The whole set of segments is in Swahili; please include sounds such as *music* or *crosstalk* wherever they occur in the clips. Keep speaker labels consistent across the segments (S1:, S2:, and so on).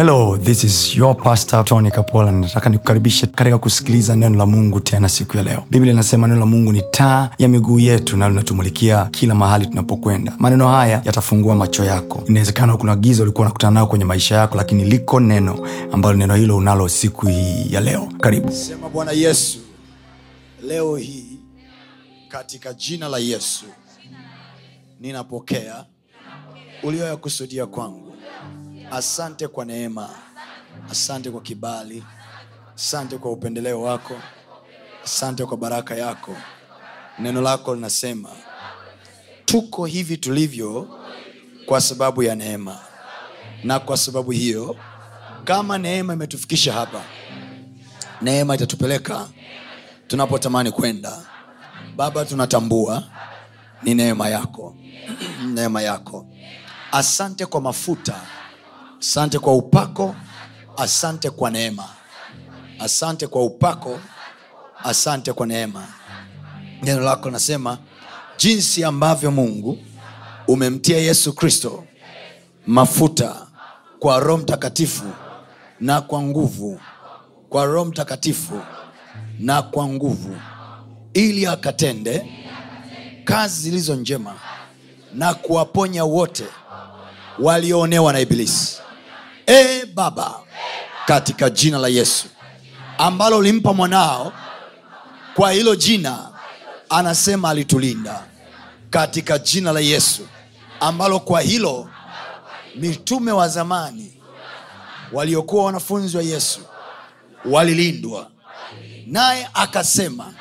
S1: hello this is your pastor tony kapola nataka nikukaribishe katika kusikiliza neno la mungu tena siku ya leo biblia inasema neno la mungu ni taa ya miguu yetu na linatumulikia kila mahali tunapokwenda maneno haya yatafungua macho yako inawezekana kuna giza ulikuwa unakutana nao kwenye maisha yako lakini liko neno ambalo neno hilo unalo siku hii ya leo karibu sema bwana yesu leo hii katika jina la yesu ninapokea ulioyakusudia kwangu Asante kwa neema, asante kwa kibali, asante kwa upendeleo wako, asante kwa baraka yako. Neno lako linasema tuko hivi tulivyo kwa sababu ya neema, na kwa sababu hiyo, kama neema imetufikisha hapa, neema itatupeleka tunapotamani kwenda. Baba, tunatambua ni neema yako, *clears throat* neema yako. Asante kwa mafuta asante kwa upako asante kwa neema asante kwa upako asante kwa neema neno lako nasema jinsi ambavyo mungu umemtia yesu kristo mafuta kwa roho mtakatifu na kwa nguvu kwa roho mtakatifu na kwa nguvu ili akatende kazi zilizo njema na kuwaponya wote walioonewa na ibilisi e baba katika jina la yesu ambalo ulimpa mwanao kwa hilo jina anasema alitulinda katika jina la yesu ambalo kwa hilo mitume wa zamani waliokuwa wanafunzi wa yesu walilindwa naye akasema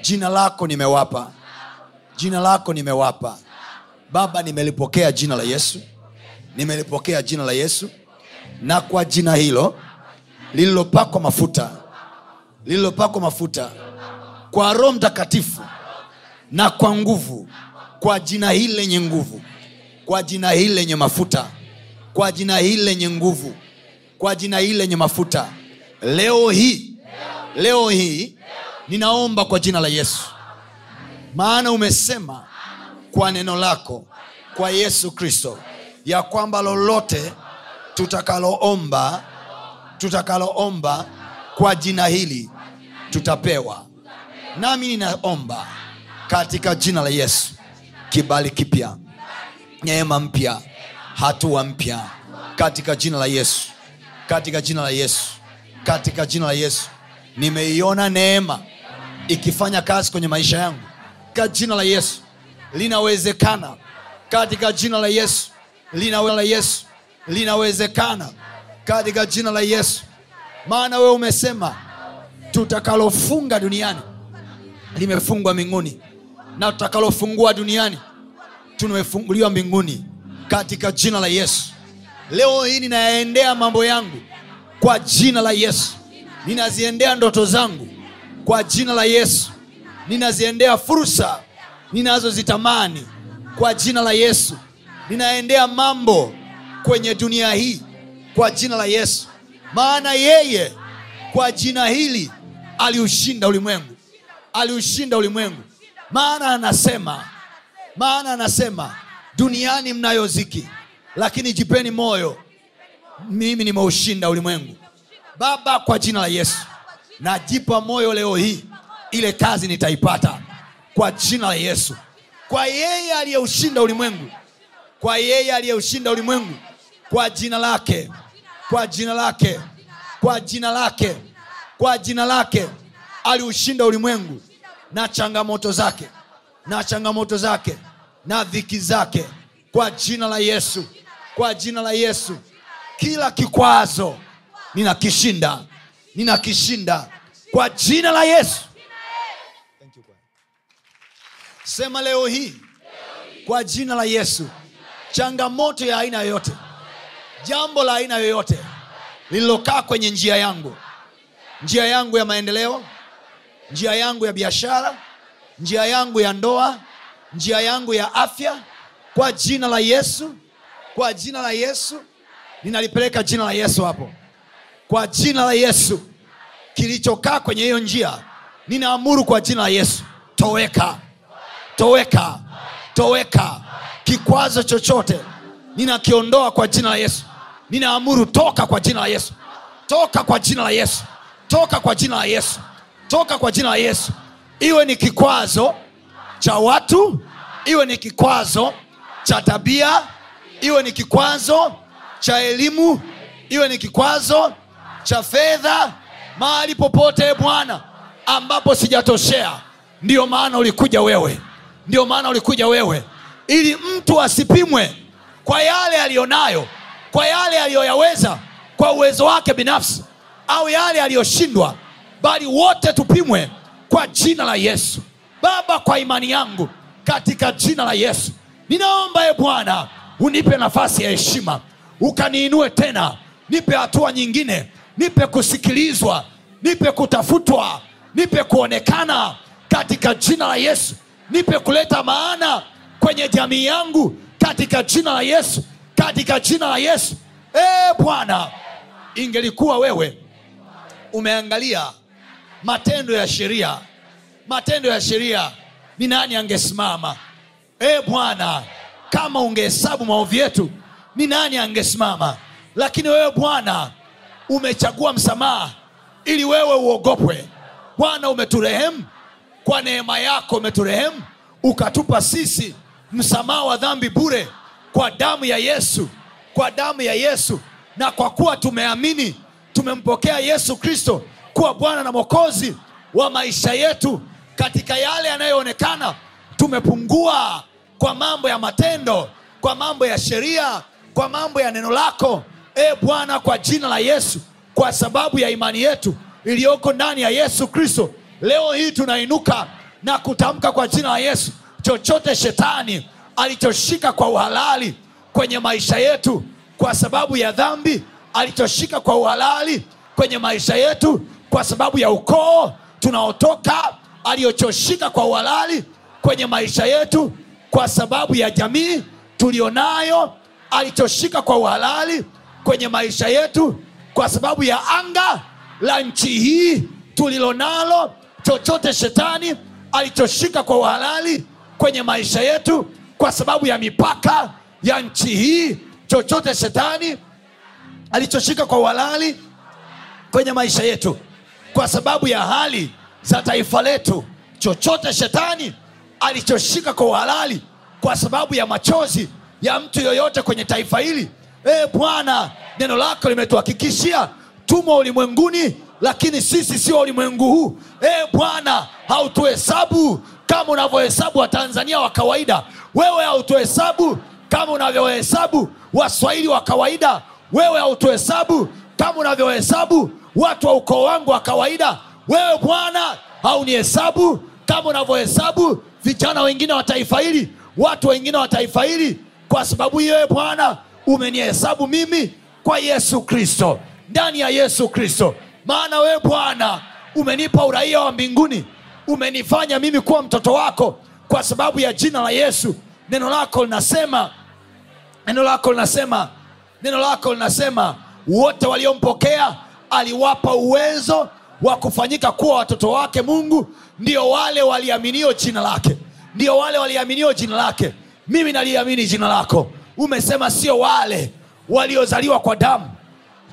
S1: jina lako nimewapa jina lako nimewapa baba nimelipokea jina la yesu nimelipokea jina la yesu na kwa jina hilo lililopakwa mafuta lililopakwa mafuta kwa roho mtakatifu na kwa nguvu kwa jina hili lenye nguvu kwa jina hili lenye mafuta kwa jina hili lenye nguvu kwa jina hili lenye mafuta leo hii leo hii ninaomba kwa jina la yesu maana umesema kwa neno lako kwa yesu kristo ya kwamba lolote tutakaloomba tutakaloomba kwa jina hili tutapewa nami ninaomba katika jina la yesu kibali kipya neema mpya hatua mpya katika jina la yesu katika jina la yesu katika jina la yesu nimeiona neema ikifanya kazi kwenye maisha yangu ka jina la yesu linawezekana katika jina la yesu linaweza la yesu linawezekana katika jina la Yesu, maana wewe umesema tutakalofunga duniani limefungwa mbinguni na tutakalofungua duniani tumefunguliwa mbinguni katika jina la Yesu. Leo hii ninayaendea mambo yangu kwa jina la Yesu, ninaziendea ndoto zangu kwa jina la Yesu, ninaziendea fursa ninazozitamani kwa jina la Yesu, ninaendea mambo kwenye dunia hii kwa jina la yesu maana yeye kwa jina hili aliushinda ulimwengu aliushinda ulimwengu maana anasema maana anasema duniani mnayo ziki lakini jipeni moyo mimi nimeushinda ulimwengu baba kwa jina la yesu najipa moyo leo hii ile kazi nitaipata kwa jina la yesu kwa yeye aliyeushinda ulimwengu kwa yeye aliyeushinda ulimwengu kwa jina lake kwa jina lake kwa jina lake kwa jina lake aliushinda ulimwengu na changamoto zake na changamoto zake na dhiki zake kwa jina la yesu kwa jina la yesu kila kikwazo ninakishinda ninakishinda kwa jina la yesu sema leo hii kwa jina la yesu changamoto ya aina yoyote jambo la aina yoyote lililokaa kwenye njia yangu njia yangu ya maendeleo njia yangu ya biashara njia yangu ya ndoa njia yangu ya afya kwa jina la yesu kwa jina la yesu ninalipeleka jina la yesu hapo kwa jina la yesu kilichokaa kwenye hiyo njia ninaamuru kwa jina la yesu toweka toweka
S2: toweka kikwazo chochote ninakiondoa kwa jina la yesu ninaamuru toka kwa jina la yesu toka kwa jina la yesu toka kwa jina la yesu toka kwa jina la yesu iwe ni kikwazo cha watu iwe ni kikwazo cha tabia iwe ni kikwazo cha elimu iwe ni kikwazo cha fedha mahali popote bwana ambapo sijatoshea ndiyo maana ulikuja wewe ndiyo maana ulikuja wewe ili mtu asipimwe kwa yale aliyonayo kwa yale aliyoyaweza kwa uwezo wake binafsi au yale aliyoshindwa, bali wote tupimwe kwa jina la Yesu. Baba, kwa imani yangu katika jina la Yesu ninaomba, e Bwana, unipe nafasi ya heshima, ukaniinue tena, nipe hatua nyingine, nipe kusikilizwa, nipe kutafutwa, nipe kuonekana katika jina la Yesu, nipe kuleta maana kwenye jamii yangu katika jina la Yesu katika jina la yesu e bwana ingelikuwa wewe umeangalia matendo ya sheria matendo ya sheria ni nani angesimama e bwana kama ungehesabu maovu yetu ni nani angesimama lakini wewe bwana umechagua msamaha ili wewe uogopwe bwana umeturehemu kwa neema yako umeturehemu ukatupa sisi msamaha wa dhambi bure kwa damu ya Yesu, kwa damu ya Yesu. Na kwa kuwa tumeamini, tumempokea Yesu Kristo kuwa Bwana na Mwokozi wa maisha yetu, katika yale yanayoonekana tumepungua kwa mambo ya matendo, kwa mambo ya sheria, kwa mambo ya neno lako, e Bwana, kwa jina la Yesu, kwa sababu ya imani yetu iliyoko ndani ya Yesu Kristo, leo hii tunainuka na kutamka kwa jina la Yesu, chochote shetani alichoshika kwa uhalali kwenye maisha yetu kwa sababu ya dhambi, alichoshika kwa uhalali kwenye maisha yetu kwa sababu ya ukoo tunaotoka, aliyochoshika kwa uhalali kwenye maisha yetu kwa sababu ya jamii tulionayo, alichoshika kwa uhalali kwenye maisha yetu kwa sababu ya anga la nchi hii tulilonalo, chochote shetani alichoshika kwa uhalali kwenye maisha yetu kwa sababu ya mipaka ya nchi hii chochote shetani alichoshika kwa uhalali kwenye maisha yetu kwa sababu ya hali za taifa letu chochote shetani alichoshika kwa uhalali kwa sababu ya machozi ya mtu yoyote kwenye taifa hili e bwana neno lako limetuhakikishia tumo ulimwenguni lakini sisi sio ulimwengu huu e bwana hautuhesabu kama unavyohesabu watanzania wa kawaida wewe hautuhesabu kama unavyohesabu waswahili wa kawaida wewe hautuhesabu kama unavyohesabu watu wa ukoo wangu wa kawaida wewe bwana haunihesabu kama unavyohesabu vijana wengine wa taifa hili watu wengine wa taifa hili kwa sababu hiyo ee bwana umenihesabu mimi kwa yesu kristo ndani ya yesu kristo maana wewe bwana umenipa uraia wa mbinguni umenifanya mimi kuwa mtoto wako kwa sababu ya jina la yesu neno lako linasema neno lako linasema neno lako linasema wote waliompokea aliwapa uwezo wa kufanyika kuwa watoto wake mungu ndio wale waliaminio jina lake ndio wale waliaminio jina lake mimi naliamini jina lako umesema sio wale waliozaliwa kwa damu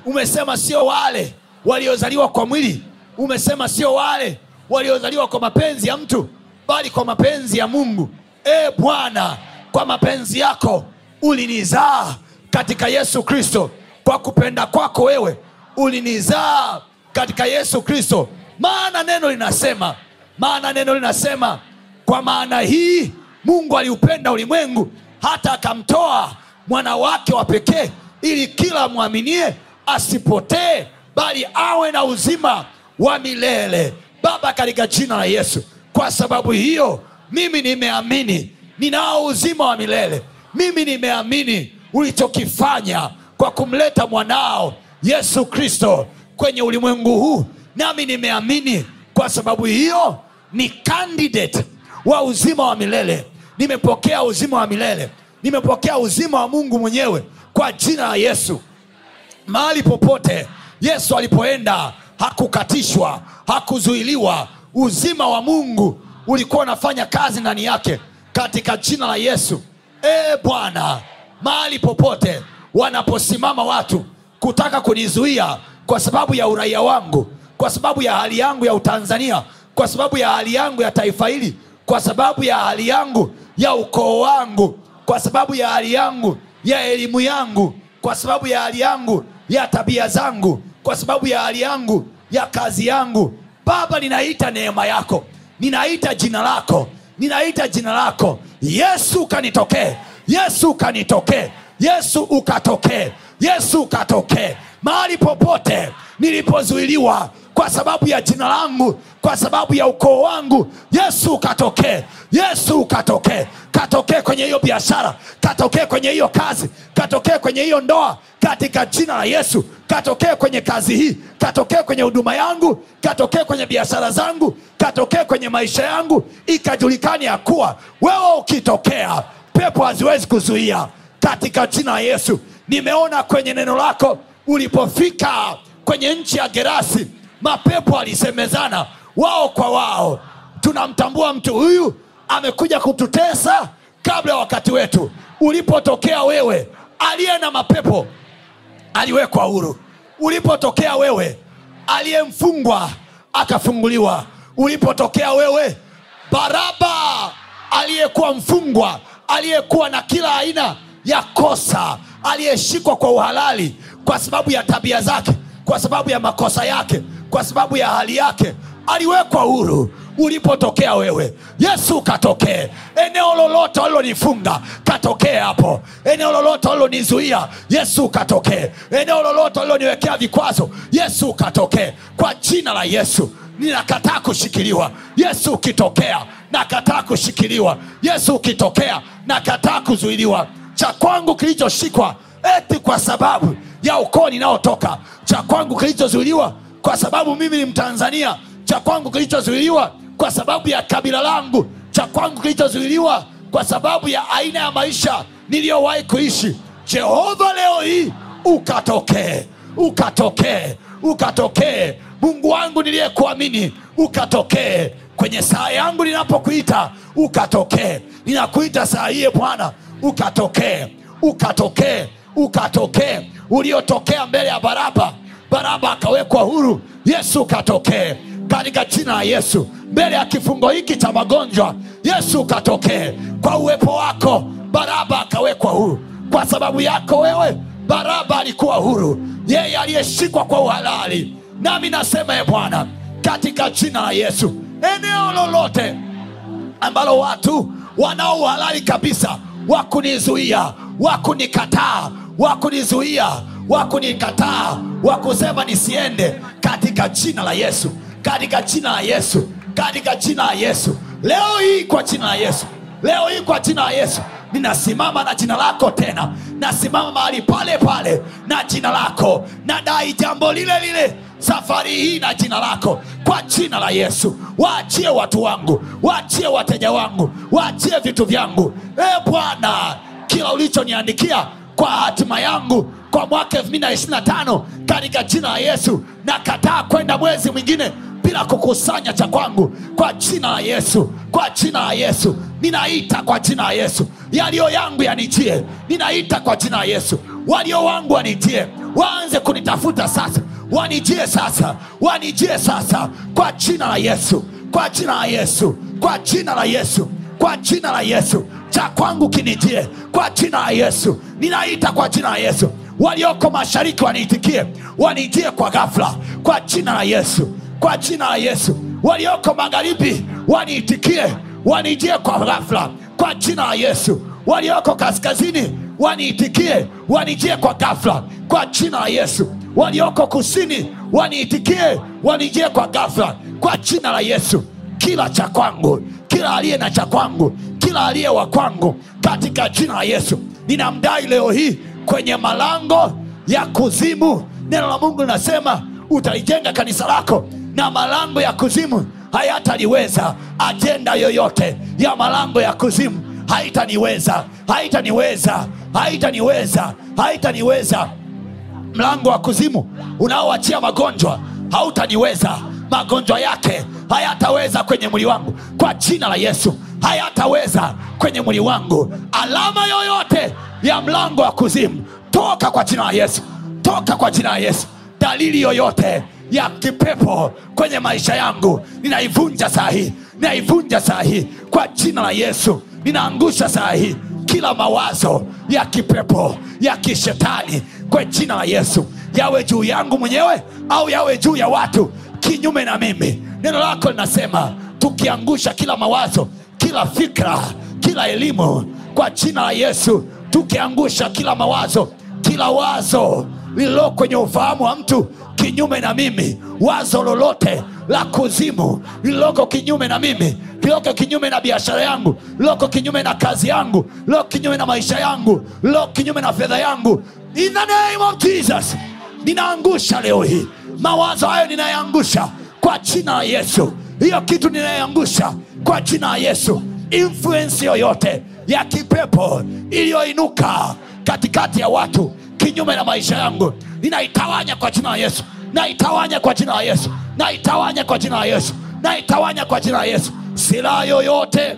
S2: umesema sio wale waliozaliwa kwa mwili umesema sio wale waliozaliwa kwa mapenzi ya mtu bali kwa mapenzi ya mungu e bwana kwa mapenzi yako ulinizaa katika yesu kristo kwa kupenda kwako wewe ulinizaa katika yesu kristo maana neno linasema maana neno linasema kwa maana hii mungu aliupenda ulimwengu hata akamtoa mwana wake wa pekee ili kila mwaminie asipotee bali awe na uzima wa milele baba katika jina la yesu kwa sababu hiyo mimi nimeamini ninao uzima wa milele mimi nimeamini ulichokifanya kwa kumleta mwanao yesu kristo kwenye ulimwengu huu nami nimeamini kwa sababu hiyo ni candidate wa uzima wa milele nimepokea uzima wa milele nimepokea uzima wa mungu mwenyewe kwa jina la yesu mahali popote yesu alipoenda hakukatishwa hakuzuiliwa uzima wa mungu ulikuwa unafanya kazi ndani yake katika jina la yesu e bwana mahali popote wanaposimama watu kutaka kunizuia kwa sababu ya uraia wangu kwa sababu ya hali yangu ya utanzania kwa sababu ya hali yangu ya taifa hili kwa sababu ya hali yangu ya ukoo wangu kwa sababu ya hali yangu ya elimu yangu kwa sababu ya hali yangu ya tabia zangu kwa sababu ya hali yangu ya kazi yangu baba ninaita neema yako ninaita jina lako ninaita jina lako yesu ukanitokee yesu ukanitokee yesu ukatokee yesu ukatokee mahali popote nilipozuiliwa kwa sababu ya jina langu kwa sababu ya ukoo wangu yesu ukatokee yesu katokee katokee kwenye hiyo biashara katokee kwenye hiyo kazi katokee kwenye hiyo ndoa katika jina la yesu katokee kwenye kazi hii katokee kwenye huduma yangu katokee kwenye biashara zangu katokee kwenye maisha yangu ikajulikani ya kuwa wewe ukitokea pepo haziwezi kuzuia katika jina la yesu nimeona kwenye neno lako ulipofika kwenye nchi ya gerasi mapepo alisemezana wao kwa wao tunamtambua mtu huyu amekuja kututesa kabla ya wakati wetu. Ulipotokea wewe, aliye na mapepo aliwekwa huru. Ulipotokea wewe, aliyemfungwa akafunguliwa. Ulipotokea wewe, Baraba aliyekuwa mfungwa, aliyekuwa na kila aina ya kosa, aliyeshikwa kwa uhalali kwa sababu ya tabia zake, kwa sababu ya makosa yake, kwa sababu ya hali yake, aliwekwa huru ulipotokea wewe yesu katokee eneo lolote walilonifunga katokee hapo eneo lolote walilonizuia yesu katokee eneo lolote waliloniwekea vikwazo yesu katokee kwa jina la yesu ninakataa kushikiliwa yesu ukitokea nakataa kushikiliwa yesu ukitokea nakataa kuzuiliwa cha kwangu kilichoshikwa eti kwa sababu ya ukoo ninaotoka cha kwangu kilichozuiliwa kwa sababu mimi ni mtanzania cha kwangu kilichozuiliwa kwa sababu ya kabila langu, cha kwangu kilichozuiliwa, kwa sababu ya aina ya maisha niliyowahi kuishi. Jehova, leo hii ukatokee, ukatokee, ukatokee Mungu wangu niliyekuamini, ukatokee kwenye saa yangu ninapokuita, ukatokee. Ninakuita saa hiye ee Bwana, ukatokee, ukatokee, ukatokee. Uliotokea mbele ya Baraba, Baraba akawekwa huru. Yesu, ukatokee, katika jina la Yesu, mbele ya kifungo hiki cha magonjwa, Yesu ukatokee kwa uwepo wako. Baraba akawekwa huru kwa sababu yako wewe. Baraba alikuwa huru, yeye aliyeshikwa kwa uhalali. Nami nasema e Bwana, katika jina la Yesu, eneo lolote ambalo watu wanao uhalali kabisa wa kunizuia, wa kunikataa, wa kunizuia, wa kunikataa, wa kusema nisiende, katika jina la Yesu katika jina la Yesu, katika jina la Yesu, leo hii kwa jina la Yesu, leo hii kwa jina la Yesu ninasimama na jina lako tena, nasimama mahali pale pale na jina lako, nadai jambo lile lile safari hii na jina lako, kwa jina la Yesu. Waachie watu wangu, waachie wateja wangu, waachie vitu vyangu, e Bwana, kila ulichoniandikia kwa hatima yangu kwa mwaka 225 katika jina la yesu na kataa kwenda mwezi mwingine bila kukusanya cha kwangu kwa jina la yesu kwa jina la yesu ninaita kwa jina la yesu yaliyo yangu yanijie ninaita kwa jina la yesu walio wangu wanijie waanze kunitafuta sasa wanijie sasa wanijie sasa kwa jina la yesu kwa jina la yesu kwa jina la yesu kwa jina la yesu cha kwangu kinijie kwa jina la yesu ninaita kwa jina la yesu walioko mashariki waniitikie waniitie kwa ghafla kwa jina la yesu kwa jina la yesu walioko magharibi waniitikie waniitie kwa ghafla kwa jina la yesu walioko kaskazini waniitikie wanijie kwa ghafla kwa jina la yesu walioko kusini waniitikie wanijie kwa ghafla kwa jina la yesu kila cha kwangu kila aliye na cha kwangu kila aliye wa kwangu katika jina la yesu ninamdai leo hii kwenye malango ya kuzimu. Neno la Mungu linasema utalijenga kanisa lako na malango ya kuzimu hayataliweza. Ajenda yoyote ya malango ya kuzimu haitaniweza, haitaniweza, haitaniweza, haitaniweza. Mlango wa kuzimu unaoachia magonjwa hautaniweza, magonjwa yake hayataweza kwenye mwili wangu, kwa jina la Yesu hayataweza kwenye mwili wangu. Alama yoyote ya mlango wa kuzimu, toka kwa jina la Yesu, toka kwa jina la Yesu. Dalili yoyote ya kipepo kwenye maisha yangu ninaivunja saa hii, ninaivunja saa hii kwa jina la Yesu. Ninaangusha saa hii kila mawazo ya kipepo ya kishetani kwa jina la Yesu, yawe juu yangu mwenyewe au yawe juu ya watu kinyume na mimi. Neno lako linasema tukiangusha kila mawazo kila fikra kila elimu kwa jina la yesu tukiangusha kila mawazo kila wazo lililo kwenye ufahamu wa mtu kinyume na mimi wazo lolote la kuzimu liloko kinyume na mimi liloko kinyume na biashara yangu liloko kinyume na kazi yangu liloko kinyume na maisha yangu liloko kinyume na fedha yangu in the name of jesus ninaangusha leo hii mawazo hayo ninayaangusha kwa jina la yesu hiyo kitu ninayoangusha kwa jina ya Yesu, influensi yoyote ya kipepo iliyoinuka katikati ya watu kinyume na maisha yangu, ninaitawanya kwa jina ya Yesu, naitawanya kwa jina ya Yesu, naitawanya kwa jina ya Yesu, naitawanya kwa jina ya Yesu. Silaha yoyote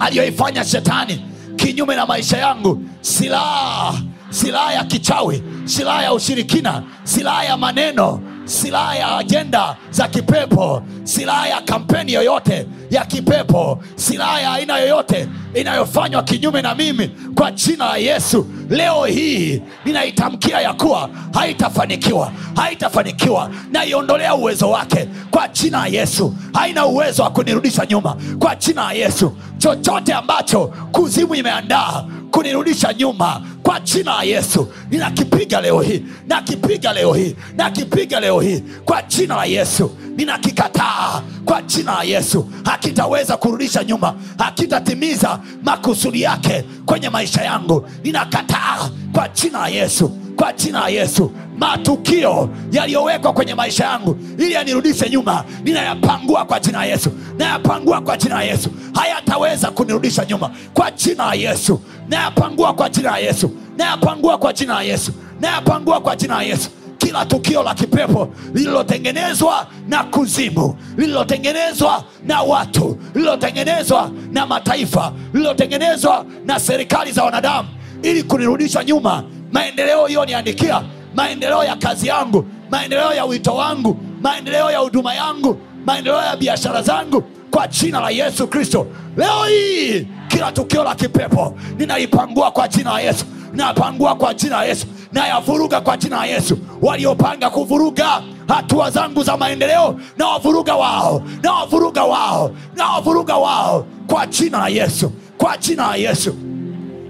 S2: aliyoifanya shetani kinyume na maisha yangu, silaha silaha ya kichawi, silaha ya ushirikina, silaha ya maneno silaha ya ajenda za kipepo, silaha ya kampeni yoyote ya kipepo, silaha ya aina yoyote inayofanywa kinyume na mimi kwa jina la Yesu leo hii ninaitamkia ya kuwa haitafanikiwa, haitafanikiwa. Naiondolea uwezo wake kwa jina la Yesu. Haina uwezo wa kunirudisha nyuma kwa jina la Yesu. Chochote ambacho kuzimu imeandaa kunirudisha nyuma kwa jina la Yesu ninakipiga leo hii, nakipiga leo hii, nakipiga leo hii kwa jina la Yesu. Ninakikataa kwa jina la Yesu. Hakitaweza kurudisha nyuma, hakitatimiza makusudi yake kwenye maisha maisha yangu, ninakataa kwa jina ya Yesu, kwa jina ya Yesu. Matukio yaliyowekwa kwenye maisha yangu ili yanirudishe nyuma, ninayapangua kwa jina ya Yesu, nayapangua kwa jina ya Yesu. Hayataweza kunirudisha nyuma kwa jina ya Yesu, nayapangua kwa jina ya Yesu, nayapangua kwa jina ya Yesu, nayapangua kwa jina ya Yesu kila tukio la kipepo lililotengenezwa na kuzimu, lililotengenezwa na watu, lililotengenezwa na mataifa, lililotengenezwa na serikali za wanadamu ili kunirudisha nyuma. Maendeleo hiyo niandikia, maendeleo ya kazi yangu, maendeleo ya wito wangu, maendeleo ya huduma yangu, maendeleo ya biashara zangu, kwa jina la Yesu Kristo. Leo hii kila tukio la kipepo ninaipangua kwa jina la Yesu, napangua kwa jina la Yesu nayavuruga kwa jina la Yesu. Waliopanga kuvuruga hatua zangu za maendeleo, na wavuruga wao, na wavuruga wao, na wavuruga wao kwa jina la Yesu, kwa jina la Yesu.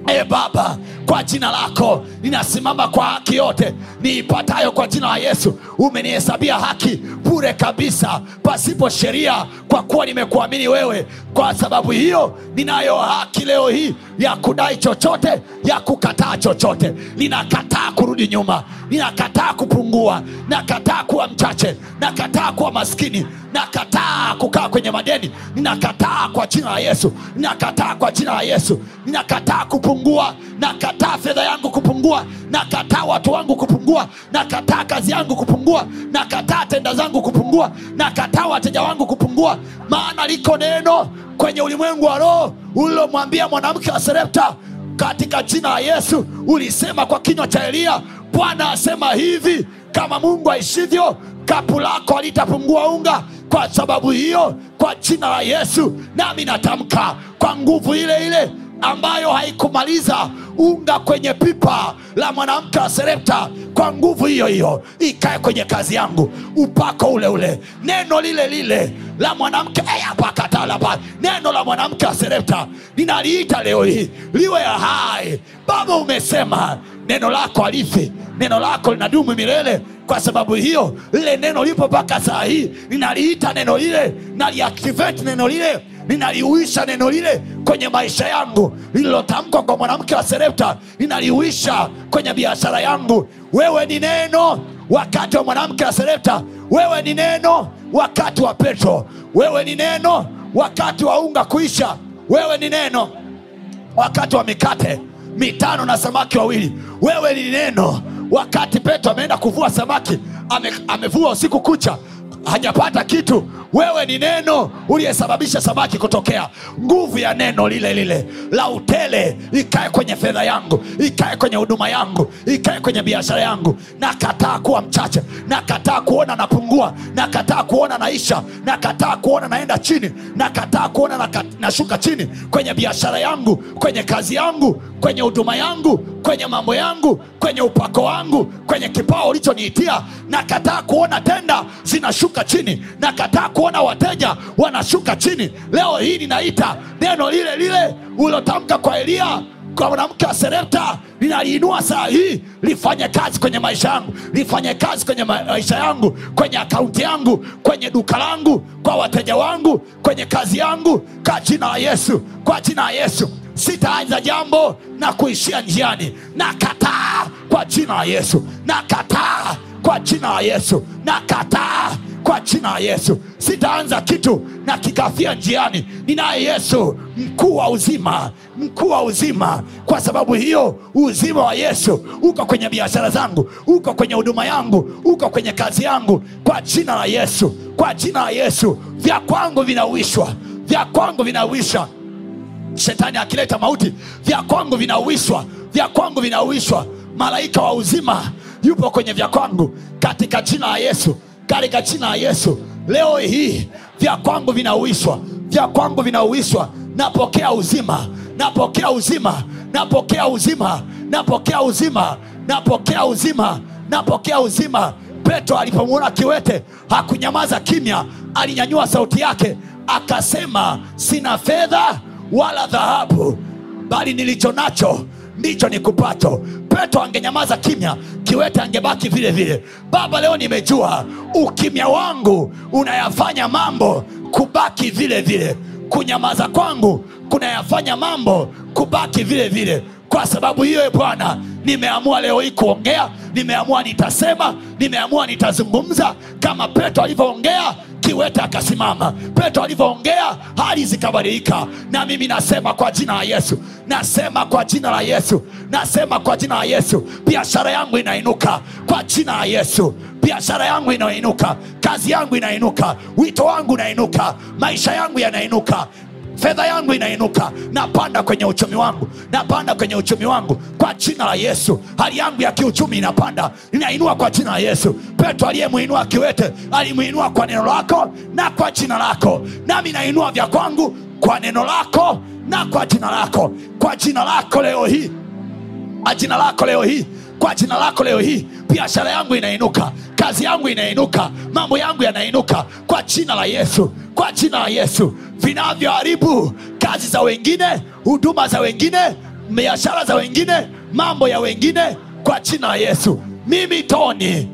S2: E Baba, kwa jina lako ninasimama kwa haki yote niipatayo kwa jina la Yesu. Umenihesabia haki bure kabisa, pasipo sheria, kwa kuwa nimekuamini wewe. Kwa sababu hiyo, ninayo haki leo hii ya kudai chochote, ya kukataa chochote. Ninakataa kurudi nyuma ninakataa kupungua nakataa kuwa mchache nakataa kuwa maskini nakataa kukaa kwenye madeni ninakataa kwa jina la yesu ninakataa kwa jina la yesu ninakataa kupungua nakataa fedha yangu kupungua nakataa watu wangu kupungua nakataa kazi yangu kupungua nakataa tenda zangu kupungua nakataa wateja wangu kupungua maana liko neno kwenye ulimwengu wa roho ulilomwambia mwanamke wa serepta katika jina la yesu ulisema kwa kinywa cha eliya Bwana asema hivi, kama Mungu aishivyo, kapu lako halitapungua unga. Kwa sababu hiyo, kwa jina la Yesu, nami natamka kwa nguvu ile ile ambayo haikumaliza unga kwenye pipa la mwanamke wa Serepta kwa nguvu hiyo hiyo, ikae kwenye kazi yangu, upako ule ule, neno lile lile la mwanamke eh, apakatalapa, neno la mwanamke wa Serepta ninaliita leo hii liwe hai. Baba, umesema neno lako alifi neno lako linadumu milele. Kwa sababu hiyo, lile neno lipo mpaka saa hii, ninaliita neno lile, naliativeti neno lile ninaliuisha neno lile kwenye maisha yangu lililotamkwa kwa mwanamke wa Serepta, ninaliuisha kwenye biashara yangu. Wewe ni neno wakati wa mwanamke wa Serepta, wewe ni neno wakati wa Petro, wewe ni neno wakati wa unga kuisha, wewe ni neno wakati wa mikate mitano na samaki wawili, wewe ni neno wakati Petro ameenda kuvua samaki, amevua usiku kucha hajapata kitu wewe ni neno uliyesababisha samaki kutokea. Nguvu ya neno lile lile la utele ikae kwenye fedha yangu, ikae kwenye huduma yangu, ikae kwenye biashara yangu. Nakataa kuwa mchache, nakataa kuona napungua, nakataa kuona naisha, nakataa kuona naenda chini, nakataa kuona nashuka chini kwenye biashara yangu, kwenye kazi yangu, kwenye huduma yangu, kwenye mambo yangu, kwenye upako wangu, kwenye kipao ulichoniitia. Nakataa kuona tenda zinashuka chini, nakataa kuona wateja wanashuka chini. Leo hii ninaita neno lile lile ulilotamka kwa elia kwa mwanamke wa Serepta, ninaliinua saa hii lifanye kazi kwenye maisha yangu, lifanye kazi kwenye maisha yangu, kwenye akaunti yangu, kwenye duka langu, kwa wateja wangu, kwenye kazi yangu, kwa jina la Yesu, kwa jina la Yesu. Sitaanza jambo na kuishia njiani. Nakataa kwa jina la Yesu, nakataa kwa jina ya Yesu. Nakataa kwa jina ya Yesu. Sitaanza kitu na kikafia njiani. Ninaye Yesu, mkuu wa uzima, mkuu wa uzima. Kwa sababu hiyo, uzima wa Yesu uko kwenye biashara zangu, uko kwenye huduma yangu, uko kwenye kazi yangu, kwa jina la Yesu, kwa jina la Yesu. Vya kwangu vinauishwa, vya kwangu vinauisha. Shetani akileta mauti, vya kwangu vinauishwa, vya kwangu vinauishwa. Malaika wa uzima yupo kwenye vya kwangu katika jina la Yesu, katika jina la Yesu. Leo hii vya kwangu vinauishwa, vya kwangu vinauishwa. Napokea uzima, napokea uzima, napokea uzima, napokea uzima, napokea uzima, napokea uzima. Petro alipomwona kiwete hakunyamaza kimya, alinyanyua sauti yake akasema, sina fedha wala dhahabu, bali nilicho nacho ndicho ni kupato petro angenyamaza kimya kiwete angebaki vile vile baba leo nimejua ukimya wangu unayafanya mambo kubaki vile vile kunyamaza kwangu kunayafanya mambo kubaki vile vile kwa sababu hiyo e bwana nimeamua leo hii kuongea, nimeamua nitasema, nimeamua nitazungumza kama Petro alivyoongea. kiweta akasimama, Petro alivyoongea hali zikabadilika. Na mimi nasema kwa jina la Yesu, nasema kwa jina la Yesu, nasema kwa jina la Yesu, biashara yangu inainuka kwa jina la Yesu, biashara yangu inainuka, kazi yangu inainuka, wito wangu unainuka, maisha yangu yanainuka fedha yangu inainuka napanda kwenye uchumi wangu napanda kwenye uchumi wangu kwa jina la yesu hali yangu ya kiuchumi inapanda inainua kwa jina la yesu petro aliyemwinua kiwete alimwinua kwa neno lako na kwa jina lako nami nainua vya kwangu kwa neno lako na kwa jina lako kwa jina lako leo hii jina lako leo hii kwa jina lako leo hii biashara yangu inainuka kazi yangu inainuka mambo yangu yanainuka kwa jina la yesu kwa jina la yesu vinavyoharibu kazi za wengine huduma za wengine biashara za wengine mambo ya wengine kwa jina la yesu mimi toni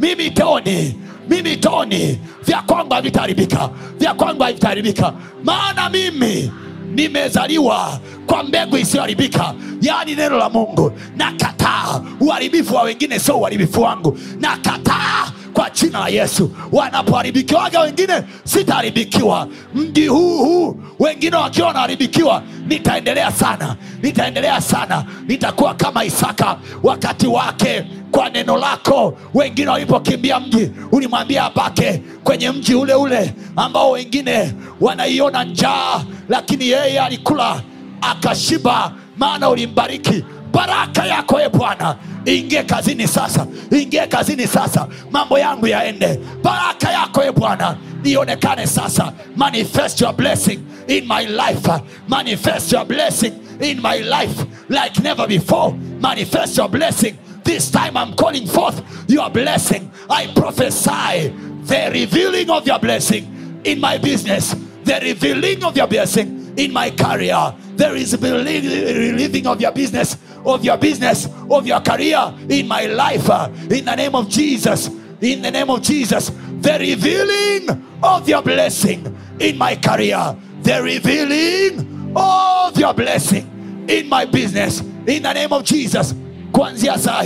S2: mimi toni mimi toni vya kwangu havitaharibika vya kwangu havitaharibika maana mimi nimezaliwa kwa mbegu isiyoharibika, yaani neno la Mungu. Nakataa uharibifu wa wengine, sio uharibifu wangu. Nakataa kwa jina la Yesu. Wanapoharibikiwaga wengine, sitaharibikiwa. Mji huu huu wengine wakiwa wanaharibikiwa, nitaendelea sana, nitaendelea sana, nitakuwa kama Isaka wakati wake. Kwa neno lako, wengine walipokimbia mji, ulimwambia abake kwenye mji ule ule ambao wengine wanaiona njaa lakini yeye alikula akashiba, maana ulimbariki. Baraka yako e Bwana ingie kazini sasa, ingie kazini sasa, mambo yangu yaende. Baraka yako e Bwana ionekane sasa. Manifest your blessing in my life, manifest your blessing in my life like never before. Manifest your blessing this time. I'm calling forth your blessing. I prophesy the revealing of your blessing in my business, The revealing of your blessing in my career. There is relieving of your business, of your business, of your career in my life. Uh, in the name of Jesus. In the name of Jesus. The revealing of your blessing in my career. The revealing of your blessing in my business. In the name of Jesus. Kwanzia saa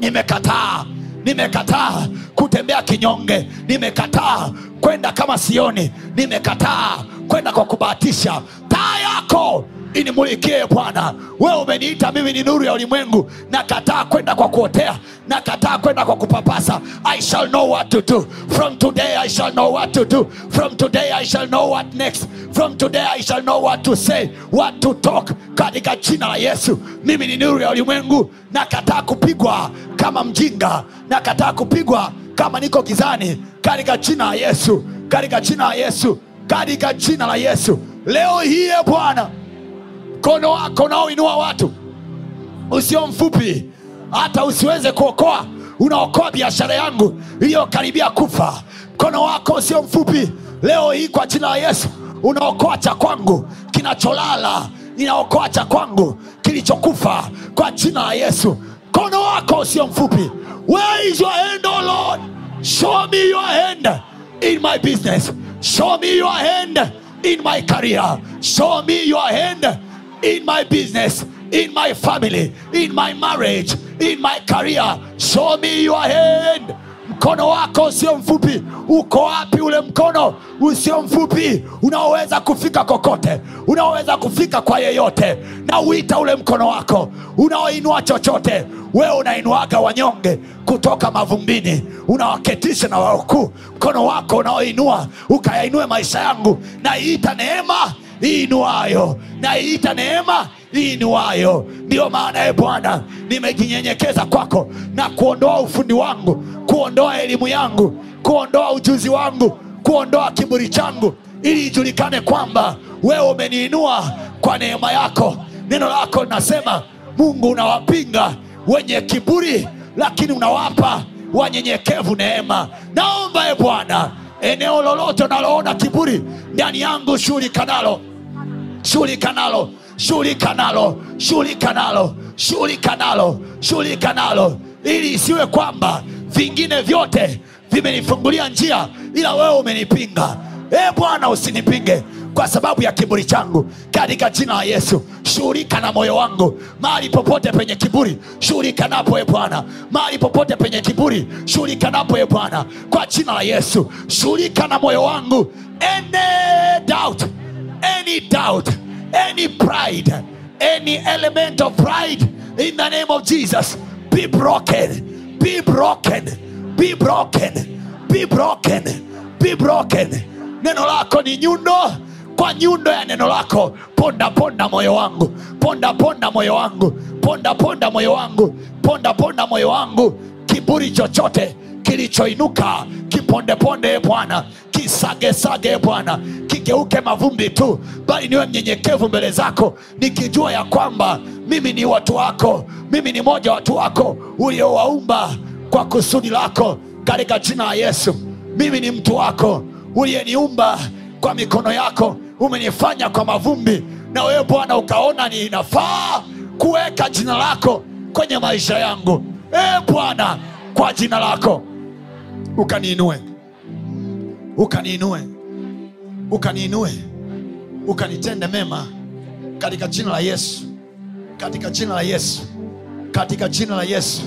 S2: nimekataa, nimekataa kutembea kinyonge, nimekataa kwenda kama sioni nimekataa kwenda kwa kubahatisha taa yako inimulikie bwana wewe umeniita mimi ni nuru ya ulimwengu nakataa kwenda kwa kuotea nakataa kwenda kwa kupapasa i shall know what to do from today i shall know what to do from today i shall know what next from today i shall know what to say what to talk katika jina la yesu mimi ni nuru ya ulimwengu nakataa kupigwa kama mjinga nakataa kupigwa kama niko gizani katika jina la Yesu, katika jina la Yesu, katika jina la Yesu. Leo hii e Bwana, mkono wako unaoinua watu usio mfupi, hata usiweze kuokoa, unaokoa biashara yangu iliyokaribia kufa. Mkono wako usio mfupi leo hii kwa jina la Yesu unaokoa cha kwangu kinacholala, inaokoa cha kwangu kilichokufa kwa jina la Yesu. Mkono wako usio mfupi. Where is your hand, oh Lord? Show me your hand in my business. Show me your hand in my career. Show me your hand in my business, in my family, in my marriage, in my career. Show me your hand. mkono wako usio mfupi uko wapi ule mkono usio mfupi unaoweza kufika kokote unaoweza kufika kwa yeyote na uita ule mkono wako unaoinua chochote wewe unainuaga wanyonge kutoka mavumbini unawaketisha na waokuu mkono wako unaoinua ukayainue maisha yangu naiita neema iinuayo naiita neema iinuwayo ni wayo. Ndiyo maana ye ee Bwana, nimejinyenyekeza kwako na kuondoa ufundi wangu, kuondoa elimu yangu, kuondoa ujuzi wangu, kuondoa kiburi changu, ili ijulikane kwamba wewe umeniinua kwa neema yako. Neno lako linasema, Mungu unawapinga wenye kiburi, lakini unawapa wanyenyekevu neema. Naomba ye ee Bwana, eneo lolote unaloona kiburi ndani yangu, shughulika nalo, shughulika nalo shughulika nalo, shughulika nalo, shughulika nalo, shughulika nalo, ili isiwe kwamba vingine vyote vimenifungulia njia, ila wewe umenipinga. E Bwana, usinipinge kwa sababu ya kiburi changu katika jina la Yesu. Shughulika na moyo wangu mahali popote penye kiburi, shughulika napo e Bwana, mahali popote penye kiburi, shughulika napo e Bwana, kwa jina la Yesu. Shughulika na moyo wangu. Any doubt, any doubt any pride, any element of pride in the name of Jesus. Be broken, be broken, be broken, be broken, be broken. Neno lako ni nyundo, kwa nyundo ya neno lako ponda ponda moyo wangu, ponda ponda moyo wangu, ponda ponda moyo wangu, ponda ponda moyo wangu, kiburi chochote kilichoinuka kipondeponde e Bwana, kisagesage Bwana, kigeuke mavumbi tu, bali niwe mnyenyekevu mbele zako, nikijua ya kwamba mimi ni watu wako, mimi ni moja watu wako uliowaumba kwa kusudi lako, katika jina la Yesu. Mimi ni mtu wako uliyeniumba kwa mikono yako, umenifanya kwa mavumbi, na wewe Bwana ukaona ni inafaa kuweka jina lako kwenye maisha yangu. E Bwana, kwa jina lako
S1: ukaniinue ukaniinue ukaniinue ukanitende mema katika jina la yesu
S2: katika jina la yesu katika jina la yesu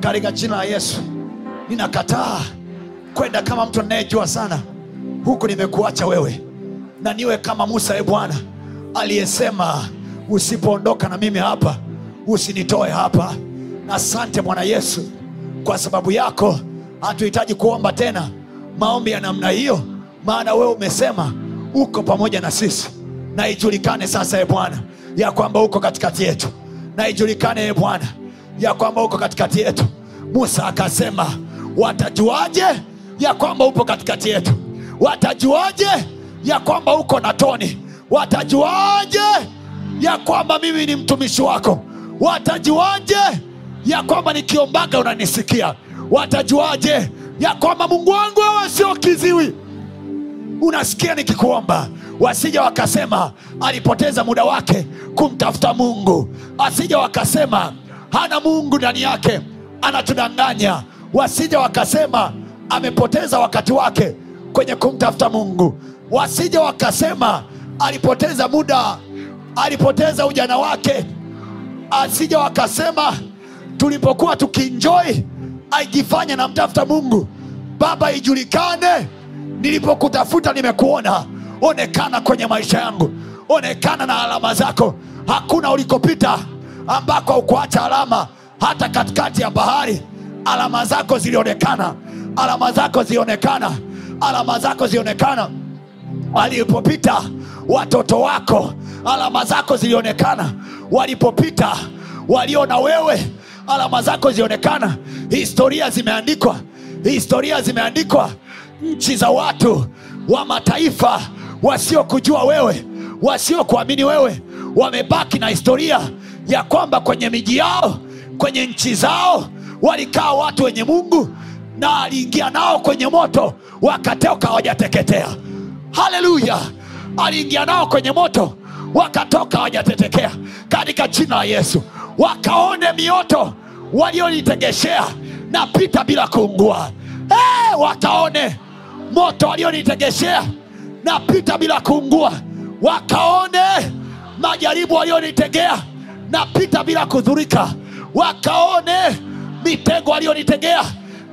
S2: katika jina la yesu ninakataa kwenda kama mtu anayejua sana huku nimekuacha wewe na niwe kama musa e bwana aliyesema usipoondoka na mimi hapa usinitoe hapa na asante bwana yesu kwa sababu yako hatuhitaji kuomba tena maombi ya namna hiyo, maana wewe umesema uko pamoja na sisi. Na ijulikane sasa, e Bwana, ya kwamba uko katikati yetu. Na ijulikane, e Bwana, ya kwamba uko katikati yetu. Musa akasema, watajuaje ya kwamba upo katikati yetu? Watajuaje ya kwamba uko na toni? Watajuaje ya kwamba mimi ni mtumishi wako? Watajuaje ya kwamba nikiombaga unanisikia? watajuaje ya kwamba Mungu wangu hawa sio kiziwi? Unasikia nikikuomba, wasija wakasema alipoteza muda wake kumtafuta Mungu, asija wakasema hana Mungu ndani yake, anatudanganya. wasija wakasema amepoteza wakati wake kwenye kumtafuta Mungu, wasija wakasema alipoteza muda, alipoteza ujana wake, asija wakasema tulipokuwa tukinjoi aijifanye na mtafuta Mungu. Baba, ijulikane, nilipokutafuta nimekuona, onekana kwenye maisha yangu, onekana na alama zako. Hakuna ulikopita ambako aukuacha alama, hata katikati ya bahari alama zako zilionekana, alama zako zilionekana, alama zako zilionekana walipopita watoto wako, alama zako zilionekana walipopita walio na wewe, alama zako zilionekana historia zimeandikwa historia zimeandikwa nchi za watu wa mataifa wasiokujua wewe wasiokuamini wewe wamebaki na historia ya kwamba kwenye miji yao kwenye nchi zao walikaa watu wenye mungu na aliingia nao kwenye moto wakatoka hawajateketea haleluya aliingia nao kwenye moto wakatoka hawajatetekea katika jina la yesu wakaone mioto waliolitegeshea napita bila kuungua hey, eh, wakaone moto walionitegesea napita bila kuungua wakaone majaribu waliyonitegea napita bila kudhurika wakaone mitego waliyonitegea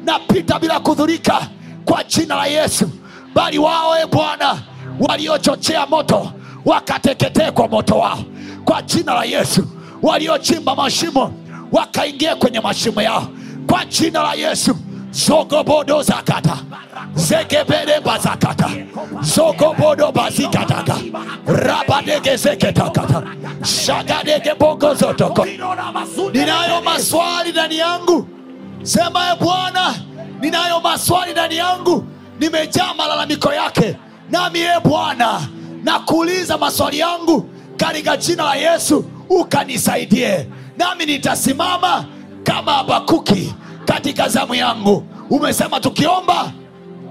S2: napita bila kudhurika kwa jina la yesu bali wao e bwana waliochochea moto wakateketee kwa moto wao kwa jina la yesu waliochimba mashimo wakaingia kwenye mashimo yao kwa jina la Yesu. zogobodo zakata zegeberemba bazakata zogobodo bazikataka rabadegezeketakata shagadegebogozotoko. Ninayo maswali ndani yangu, sema ye Bwana, ninayo maswali ndani yangu, nimejaa malalamiko yake. Nami ye Bwana, nakuuliza maswali yangu katika jina la Yesu, ukanisaidie nami nitasimama kama Habakuki katika zamu yangu. Umesema tukiomba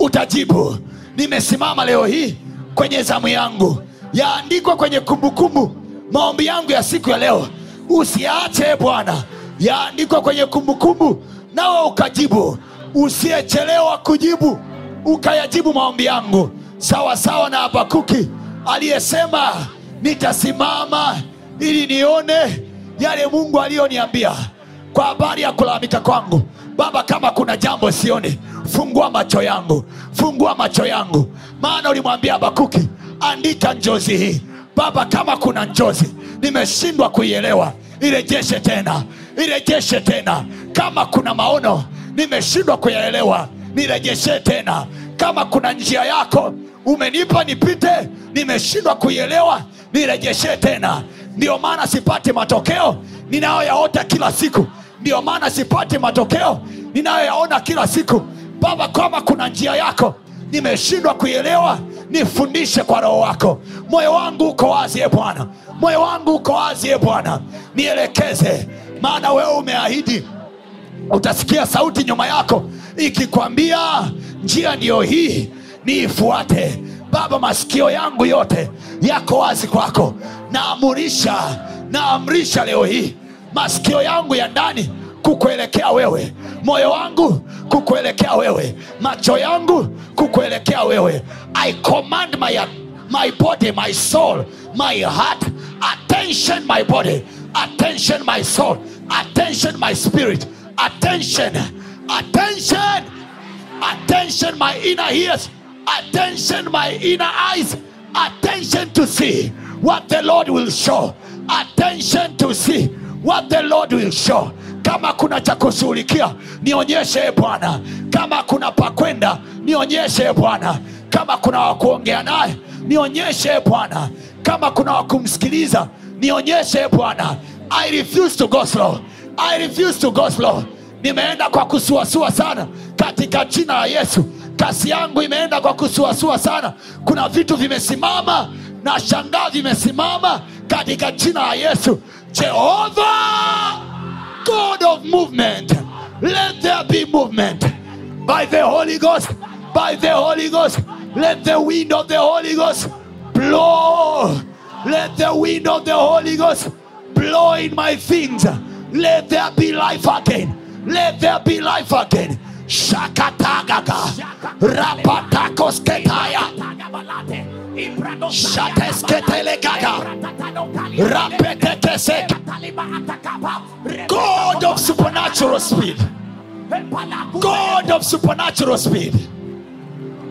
S2: utajibu. Nimesimama leo hii kwenye zamu yangu, yaandikwa kwenye kumbukumbu maombi yangu ya siku ya leo. Usiache Bwana, yaandikwa kwenye kumbukumbu, nawe ukajibu. Usiyechelewa kujibu, ukayajibu maombi yangu sawa sawa na Habakuki aliyesema nitasimama ili nione yale Mungu aliyoniambia kwa habari ya kulalamika kwangu. Baba, kama kuna jambo sioni, fungua macho yangu, fungua macho yangu, maana ulimwambia bakuki andika njozi hii. Baba, kama kuna njozi nimeshindwa kuielewa, irejeshe tena, irejeshe tena. Kama kuna maono nimeshindwa kuyaelewa, nirejeshe tena. Kama kuna njia yako umenipa nipite, nimeshindwa kuielewa, nirejeshe tena. Ndiyo maana sipati matokeo ninayoyaota kila siku ndiyo maana sipati matokeo ninayoyaona kila siku baba kama kuna njia yako nimeshindwa kuielewa nifundishe kwa roho wako moyo wangu uko wazi e bwana moyo wangu uko wazi e bwana nielekeze maana wewe umeahidi utasikia sauti nyuma yako ikikwambia njia ndiyo hii niifuate baba masikio yangu yote yako wazi kwako naamurisha naamrisha leo hii masikio yangu ya ndani kukuelekea wewe, moyo wangu kukuelekea wewe, macho yangu kukuelekea wewe. I command my, my body, my soul, my heart, attention my body, attention my soul, attention my spirit, attention, attention, attention my inner ears, attention my inner eyes, attention to see what the Lord will show, attention to see what the lord will show kama kuna cha kushughulikia nionyeshe e bwana kama kuna pakwenda nionyeshe e bwana kama kuna wakuongea naye nionyeshe e bwana kama kuna wakumsikiliza nionyeshe e bwana i refuse to go slow i refuse to go slow nimeenda kwa kusuasua sana katika jina la yesu kasi yangu imeenda kwa kusuasua sana kuna vitu vimesimama na shangaa vimesimama katika jina la yesu Jehovah, God of movement, let there be movement by the Holy Ghost, by the Holy Ghost. Let the wind of the Holy Ghost blow. Let the wind of the Holy Ghost blow in my things. Let there be life again. Let there be life again. Shakatagaka. Rapatakos ketaya. God of supernatural speed. God of supernatural speed.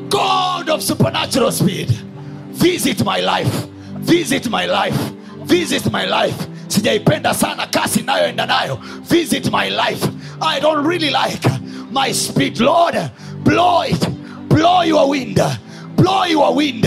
S2: God of supernatural speed. Visit my life. Visit my life. Visit my life. Sijaipenda sana kasi nayoenda nayo. Visit my life. I don't really like my speed. Lord, blow it. Blow your wind. Blow your wind